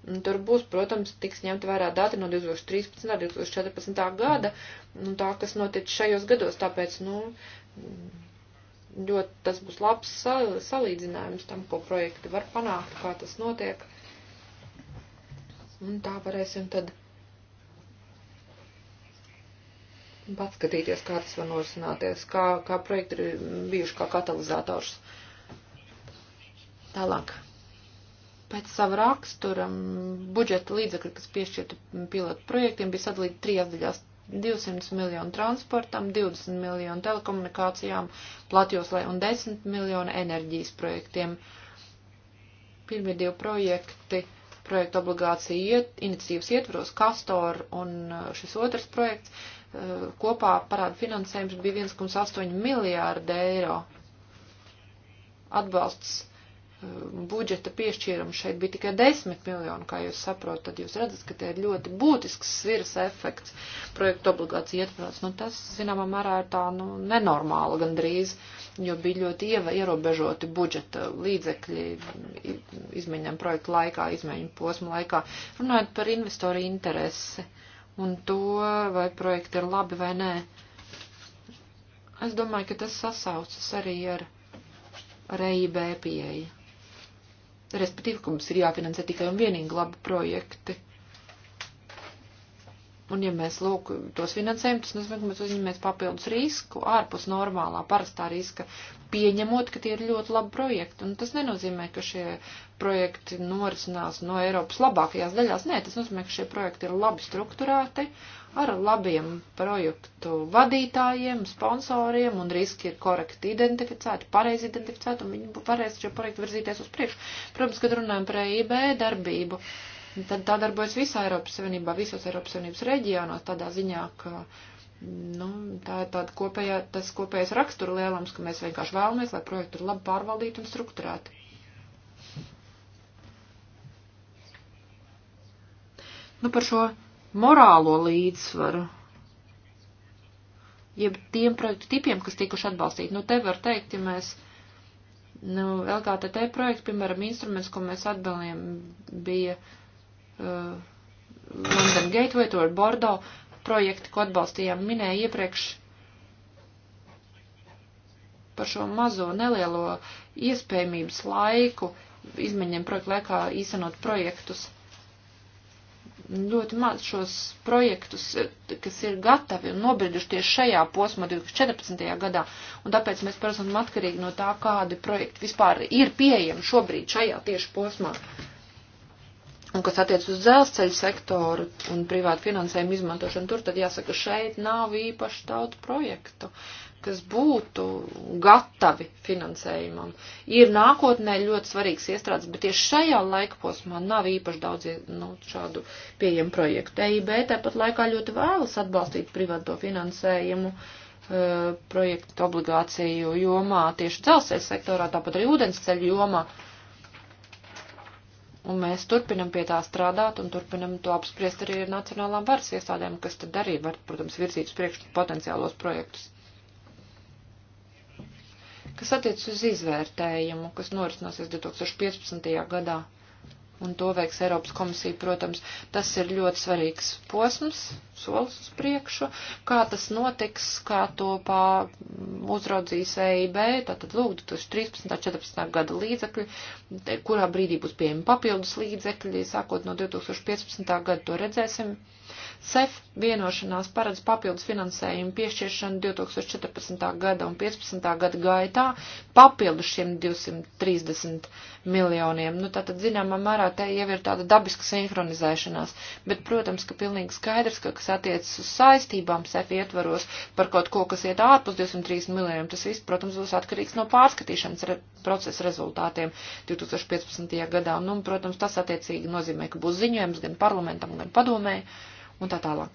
Un tur būs, protams, tiks ņemt vērā dati no 2013. un 2014. gada, un nu, tā, kas notiek šajos gados, tāpēc, nu, ļoti tas būs labs salīdzinājums tam, ko projekti var panākt, kā tas notiek. Un tā varēsim tad paskatīties, kā tas var norisināties, kā, kā projekti ir bijuši kā katalizators. Tālāk pēc savu rakstura budžeta līdzekļi, kas piešķirti pilotu projektiem, bija sadalīti trijās daļās 200 miljonu transportam, 20 miljonu telekomunikācijām, platjoslai un 10 miljonu enerģijas projektiem. Pirmie divi projekti, projekta obligācija iet, iniciatīvas ietvaros, Kastor un e, šis otrs projekts, e, kopā parāda finansējums bija 1,8 miljārda eiro. Atbalsts budžeta piešķīrumu šeit bija tikai 10 miljoni, kā jūs saprotat, tad jūs redzat, ka tie ir ļoti būtisks sviras efekts projektu obligācija ietvaros. Nu, tas, zināmā mērā, ir tā, nu, nenormāla gandrīz, jo bija ļoti ieva, ierobežoti budžeta līdzekļi izmaiņām projektu laikā, izmaiņu posmu laikā. Runājot par investoru interesi un to, vai projekti ir labi vai nē, es domāju, ka tas sasaucas arī ar, ar EIB pieeja Respektīvi, ka mums ir jāfinansē tikai un vienīgi labi projekti. Un ja mēs lūk tos finansējam, tas nozīmē, ka mēs uzņemamies papildus risku ārpus normālā, parastā riska, pieņemot, ka tie ir ļoti labi projekti. Un tas nenozīmē, ka šie projekti norisinās no Eiropas labākajās daļās. Nē, tas nozīmē, ka šie projekti ir labi strukturēti ar labiem projektu vadītājiem, sponsoriem, un riski ir korekti identificēti, pareizi identificēti, un viņi varēs šo projektu virzīties uz priekšu. Protams, kad runājam par EIB darbību, tad tā darbojas visā Eiropas Savienībā, visos Eiropas Savienības reģionos, tādā ziņā, ka. Nu, tā ir tāda kopējā, tas kopējais rakstura lielums, ka mēs vienkārši vēlamies, lai projektu ir labi pārvaldīti un strukturēti. Nu, par šo morālo līdzsvaru, jeb tiem projektu tipiem, kas tikuši atbalstīti. Nu, te var teikt, ja mēs, nu, LKTT projekts, piemēram, instruments, ko mēs atbalījām, bija uh, London Gateway, to ir Bordeaux projekti, ko atbalstījām, minēja iepriekš par šo mazo nelielo iespējamības laiku izmaiņiem projektu laikā īstenot projektus ļoti maz šos projektus, eh, kas ir gatavi un nobrieduši tieši šajā posmā 2014. gadā, un tāpēc mēs, protams, atkarīgi no tā, kādi projekti vispār ir pieejami šobrīd šajā tieši posmā. Uh, Un kas attiec uz dzelzceļu sektoru un privātu finansējumu izmantošanu, tur tad jāsaka, šeit nav īpaši daudz projektu, kas būtu gatavi finansējumam. Ir nākotnē ļoti svarīgs iestrādes, bet tieši šajā laika posmā nav īpaši daudz nu, šādu pieejamu projektu. EIB tāpat laikā ļoti vēlas atbalstīt privāto finansējumu e, projektu obligāciju jomā, tieši dzelzceļa sektorā, tāpat arī ūdensceļu jomā. Uh, Un mēs turpinam pie tā strādāt un turpinam to apspriest arī ar nacionālām varas iestādēm, kas tad arī var, protams, virzīt uz priekšu potenciālos projektus. Kas attiec uz izvērtējumu, kas norisināsies 2015. gadā, un to veiks Eiropas komisija, protams, tas ir ļoti svarīgs posms, solis uz priekšu, kā tas notiks, kā to pā uzraudzīs EIB, tātad lūk, 2013. 14. gada līdzekļi, kurā brīdī būs pieejami papildus līdzekļi, sākot no 2015. gada to redzēsim. SEF vienošanās paredz papildus finansējumu piešķiršanu 2014. gada un 2015. gada gaitā papildus šiem 230 miljoniem. Nu, tātad, zināmā mērā, te jau ir tāda dabiska sinhronizēšanās, bet, protams, ka pilnīgi skaidrs, ka, kas kas attiecas uz saistībām SEF ietvaros par kaut ko, kas iet ārpus 230 miljoniem. Tas viss, protams, būs atkarīgs no pārskatīšanas re procesa rezultātiem 2015. gadā. Nu, un, protams, tas attiecīgi nozīmē, ka būs ziņojums gan parlamentam, gan padomē un tā tālāk.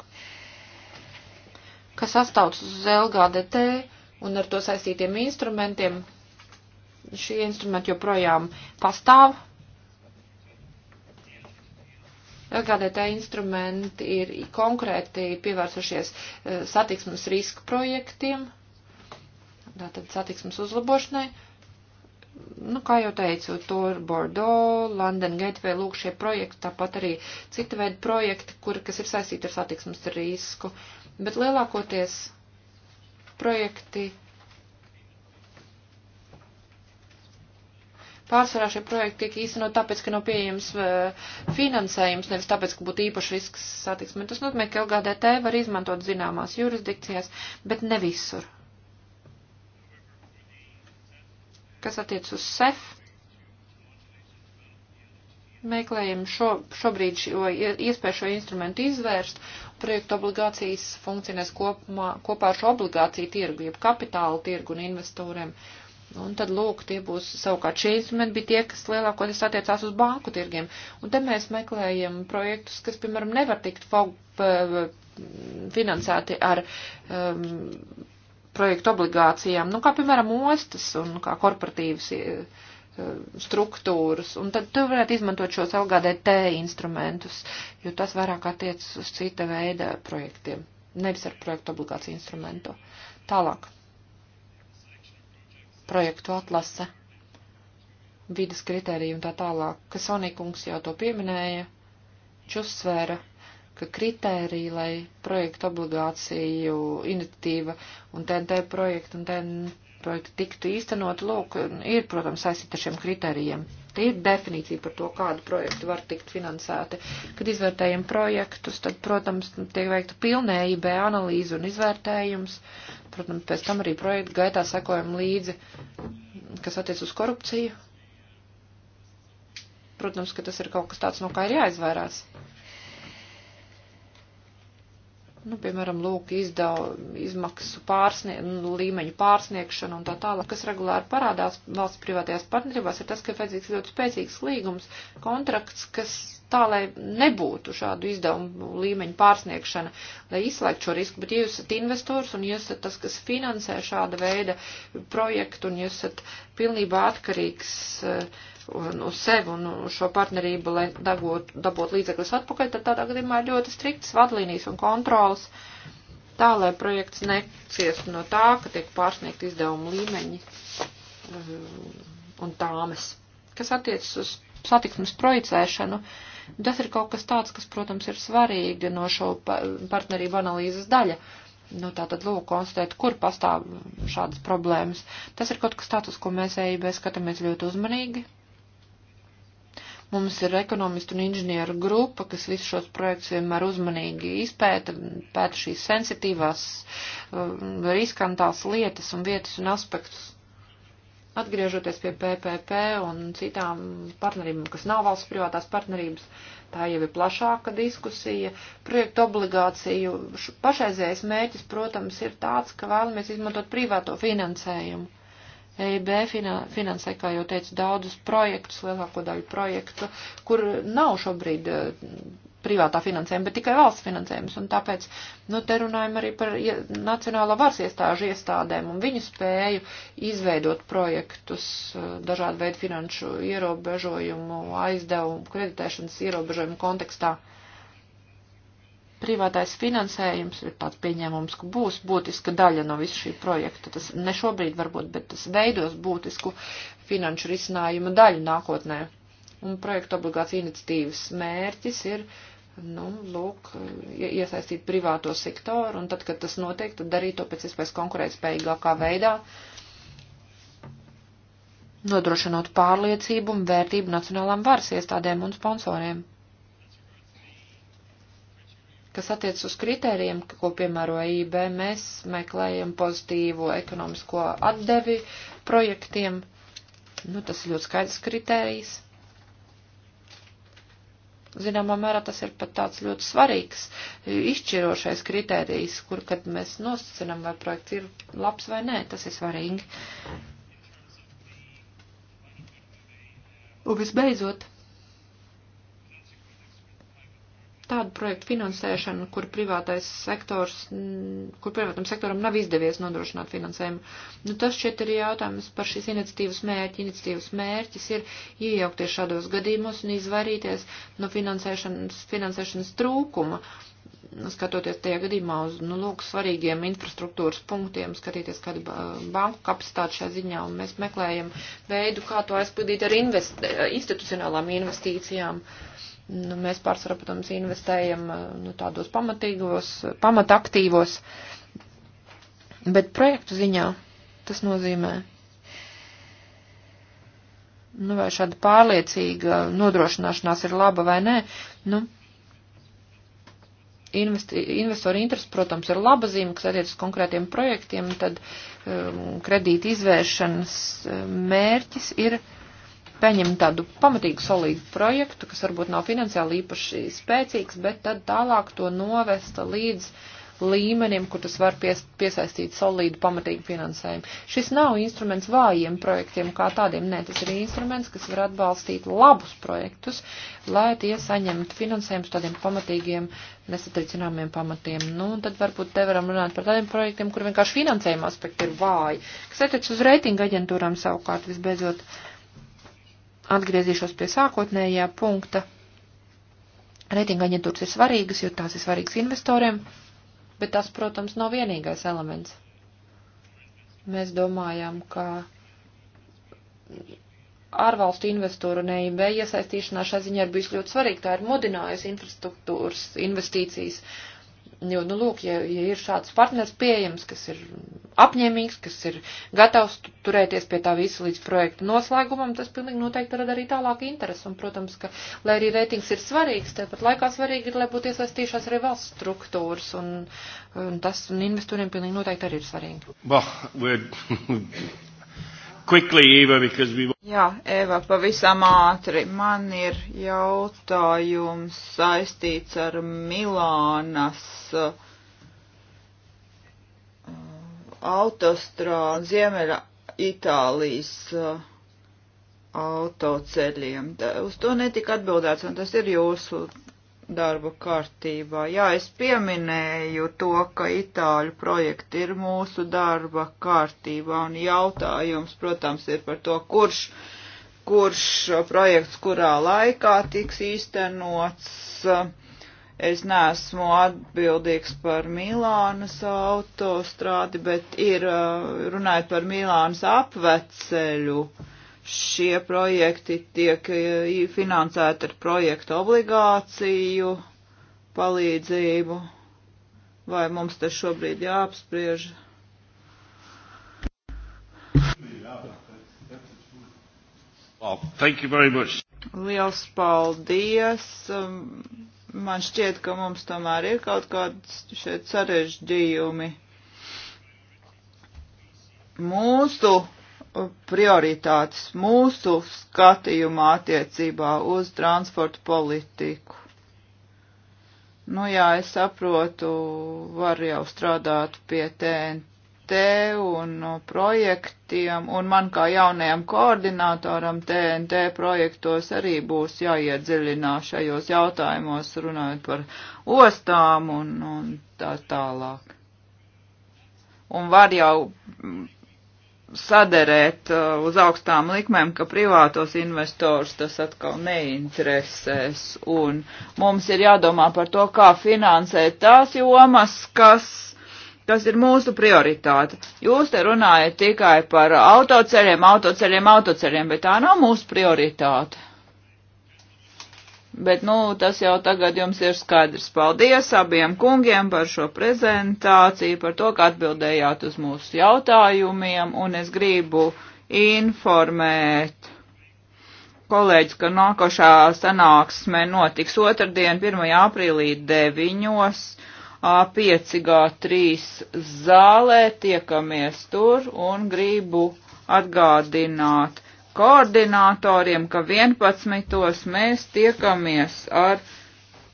Kas astauts uz LGDT un ar to saistītiem instrumentiem? Šie instrumenti joprojām pastāv, LKDT instrumenti ir konkrēti pievērsušies eh, satiksmes riska projektiem, tātad satiksmes uzlabošanai. Nu, kā jau teicu, Tor Bordeaux, London Gateway, lūk šie projekti, tāpat arī cita veida projekti, kur, kas ir saistīti ar satiksmes risku. Bet lielākoties projekti Pārsvarā šie projekti tika īstenot tāpēc, ka nav no pieejams eh, finansējums, nevis tāpēc, ka būtu īpaši risks satiksmē. Tas nozīmē, ka LGDT var izmantot zināmās jurisdikcijās, bet ne visur. Kas attiec uz SEF? Meklējam šo, šobrīd šo iespēju šo instrumentu izvērst. Projektu obligācijas funkcionēs kopumā, kopā ar šo obligāciju tirgu, jeb kapitāla tirgu un investoriem. Uh, Un tad, lūk, tie būs savukārt šie instrumenti bija tie, kas lielākoties attiecās uz banku tirgiem. Un te mēs meklējam projektus, kas, piemēram, nevar tikt finansēti ar um, projektu obligācijām, nu, kā, piemēram, ostas un kā korporatīvas uh, struktūras, un tad tu varētu izmantot šos LGDT instrumentus, jo tas vairāk attiecas uz cita veida projektiem, nevis ar projektu obligāciju instrumentu. Tālāk projektu atlase, vidas kritērija un tā tālāk, ka Sonīkungs jau to pieminēja, viņš uzsvēra, ka kritērija, lai projektu obligāciju iniciatīva un TNT projektu un TNT projektu tiktu īstenot, lūk, ir, protams, saistīta ar šiem kritērijiem. Te ir definīcija par to, kādu projektu var tikt finansēti. Kad izvērtējam projektus, tad, protams, tiek veikta pilnējība analīze un izvērtējums. Protams, pēc tam arī projektu gaitā sekojam līdzi, kas attiec uz korupciju. Protams, ka tas ir kaut kas tāds, no kā ir jāizvairās nu, piemēram, lūk, izdau, izmaksu pārsnie, nu, līmeņu pārsniegšanu un tā tālāk, kas regulāri parādās valsts privātajās partnerībās, ir tas, ka vajadzīgs ļoti spēcīgs līgums, kontrakts, kas tā, lai nebūtu šādu izdevumu līmeņu pārsniegšana, lai izslēgtu šo risku. Bet ja jūs esat investors un jūs esat tas, kas finansē šāda veida projektu un jūs esat pilnībā atkarīgs eh, un uz sevi un uz šo partnerību, lai dagot, dabot līdzekļus atpakaļ, tad tādā gadījumā ir ļoti strikts vadlīnijas un kontrols tā, lai projekts neciestu no tā, ka tiek pārsniegt izdevumu līmeņi eh, un tāmes. Kas attiecas uz satiksmes projicēšanu, uh, Tas ir kaut kas tāds, kas, protams, ir svarīgi no šo partnerību analīzes daļa. Nu, tā tad lūk, konstatēt, kur pastāv šādas problēmas. Tas ir kaut kas tāds, uz ko mēs EIB skatāmies ļoti uzmanīgi. Mums ir ekonomistu un inženieru grupa, kas visus šos projektus vienmēr uzmanīgi izpēta, pēta šīs sensitīvās, uh, riskantās lietas un vietas un aspektus Atgriežoties pie PPP un citām partnerībām, kas nav valsts privātās partnerības, tā jau ir plašāka diskusija. Projektu obligāciju pašreizējais mērķis, protams, ir tāds, ka vēlamies izmantot privāto finansējumu. EIB finansē, kā jau teicu, daudzus projektus, lielāko daļu projektu, kur nav šobrīd privātā finansējuma, bet tikai valsts finansējums. Un tāpēc, nu, te runājam arī par nacionālā varas iestāžu iestādēm un viņu spēju izveidot projektus eh, dažādu veidu finanšu ierobežojumu, aizdevumu, kreditēšanas ierobežojumu kontekstā. Privātais finansējums ir tāds pieņēmums, ka būs būtiska daļa no visu šī projekta. Tas ne šobrīd varbūt, bet tas veidos būtisku finanšu risinājumu daļu nākotnē un projekta obligācija iniciatīvas mērķis ir uh, nu, lūk, iesaistīt privāto sektoru, un tad, kad tas notiek, tad darīt to pēc iespējas konkurētspējīgākā veidā, nodrošinot pārliecību un vērtību nacionālām varas iestādēm un sponsoriem. Kas attiec uz kritērijiem, ko piemēro e IB, mēs meklējam pozitīvu ekonomisko atdevi projektiem. Nu, tas ir ļoti skaidrs kritērijs Zināmā mērā tas ir pat tāds ļoti svarīgs, e, izšķirošais kritērijs, kur, kad mēs nosacinām, vai projekts ir labs vai nē, tas ir svarīgi. Un visbeidzot, tādu projektu finansēšanu, kur privātais sektors, kur privātam sektoram nav izdevies nodrošināt finansējumu. Nu, tas šeit ir jautājums par šīs iniciatīvas mērķi. Iniciatīvas mērķis ir iejaukties šādos gadījumos un izvairīties no finansēšanas, finansēšanas trūkuma, skatoties tajā gadījumā uz, nu, lūk, svarīgiem infrastruktūras punktiem, skatīties kādu banku kapacitāti šajā ziņā, un mēs meklējam veidu, kā to aizpildīt ar invest, institucionālām investīcijām. Uh, Nu, mēs pārsvarā, protams, investējam eh, nu, tādos pamatīgos, pamataktīvos, bet projektu ziņā tas nozīmē nu, vai šāda pārliecīga nodrošināšanās ir laba vai nē, nu, investi, investoru interesi, protams, ir laba zīme, kas attiec uz konkrētiem projektiem, tad um, kredīti izvēršanas eh, mērķis ir uh, pieņem tādu pamatīgu solīdu projektu, kas varbūt nav finansiāli īpaši spēcīgs, bet tad tālāk to novesta līdz līmenim, kur tas var pies, piesaistīt solīdu pamatīgu finansējumu. Šis nav instruments vājiem projektiem kā tādiem, nē, tas ir instruments, kas var atbalstīt labus projektus, lai tie saņemtu finansējumus tādiem pamatīgiem, nesatricināmiem pamatiem. Nu, un tad varbūt te varam runāt par tādiem projektiem, kur vienkārši finansējuma aspekti ir vāji, kas attiec uz reitinga aģentūrām savukārt visbeidzot. Uh, atgriezīšos pie sākotnējā punkta. Reitinga aģentūras ir svarīgas, jo tās ir svarīgas investoriem, bet tas, protams, nav vienīgais elements. Mēs domājam, ka ārvalstu investoru un EIB iesaistīšanās šai ziņā ir bijusi ļoti svarīga. Tā ir modinājusi infrastruktūras investīcijas Jo, nu, lūk, ja, ja ir šāds partners pieejams, kas ir apņēmīgs, kas ir gatavs turēties pie tā visa līdz projekta noslēgumam, tas pilnīgi noteikti rada arī tālāk interesi. Un, protams, ka, lai arī reitings ir svarīgs, tāpat laikā svarīgi ir, lai būtu iesaistījušās arī valsts struktūras, un, un tas un investoriem pilnīgi noteikti arī ir svarīgi. Bah, Quickly, Eva, because we... Jā, Eva, pavisam ātri. Man ir jautājums saistīts ar Milānas uh, autostrādu, Ziemeļa Itālijas uh, autoceļiem. Tā, uz to netika atbildēts, un tas ir jūsu darba kārtībā. Jā, es pieminēju to, ka itāļu projekti ir mūsu darba kārtībā, un jautājums, protams, ir par to, kurš, kurš projekts kurā laikā tiks īstenots. Es neesmu atbildīgs par Milānas autostrādi, bet ir runājot par Milānas apveceļu šie projekti tiek e, finansēti ar projektu obligāciju palīdzību, vai mums te šobrīd jāapspriež? Well, thank you very much. Liels paldies! Um, man šķiet, ka mums tomēr ir kaut kāds šeit sarežģījumi. Mūsu prioritātes mūsu skatījumā attiecībā uz transportu politiku. Nu jā, es saprotu, var jau strādāt pie TNT un nu, projektiem, un man kā jaunajam koordinātoram TNT projektos arī būs jāiedziļinā šajos jautājumos, runājot par ostām un, un tā tālāk. Un var jau saderēt uh, uz augstām likmēm, ka privātos investors tas atkal neinteresēs. Un mums ir jādomā par to, kā finansēt tās jomas, kas, kas ir mūsu prioritāte. Jūs te runājat tikai par autoceļiem, autoceļiem, autoceļiem, bet tā nav mūsu prioritāte. Bet, nu, tas jau tagad jums ir skaidrs. Paldies abiem kungiem par šo prezentāciju, par to, ka atbildējāt uz mūsu jautājumiem, un es gribu informēt kolēģis, ka nākošā sanāksme notiks otrdien, 1. aprīlī 9. A5G3 zālē, tiekamies tur un gribu atgādināt koordinatoriem, ka 11. mēs tiekamies ar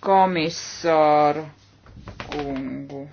komisāru kungu.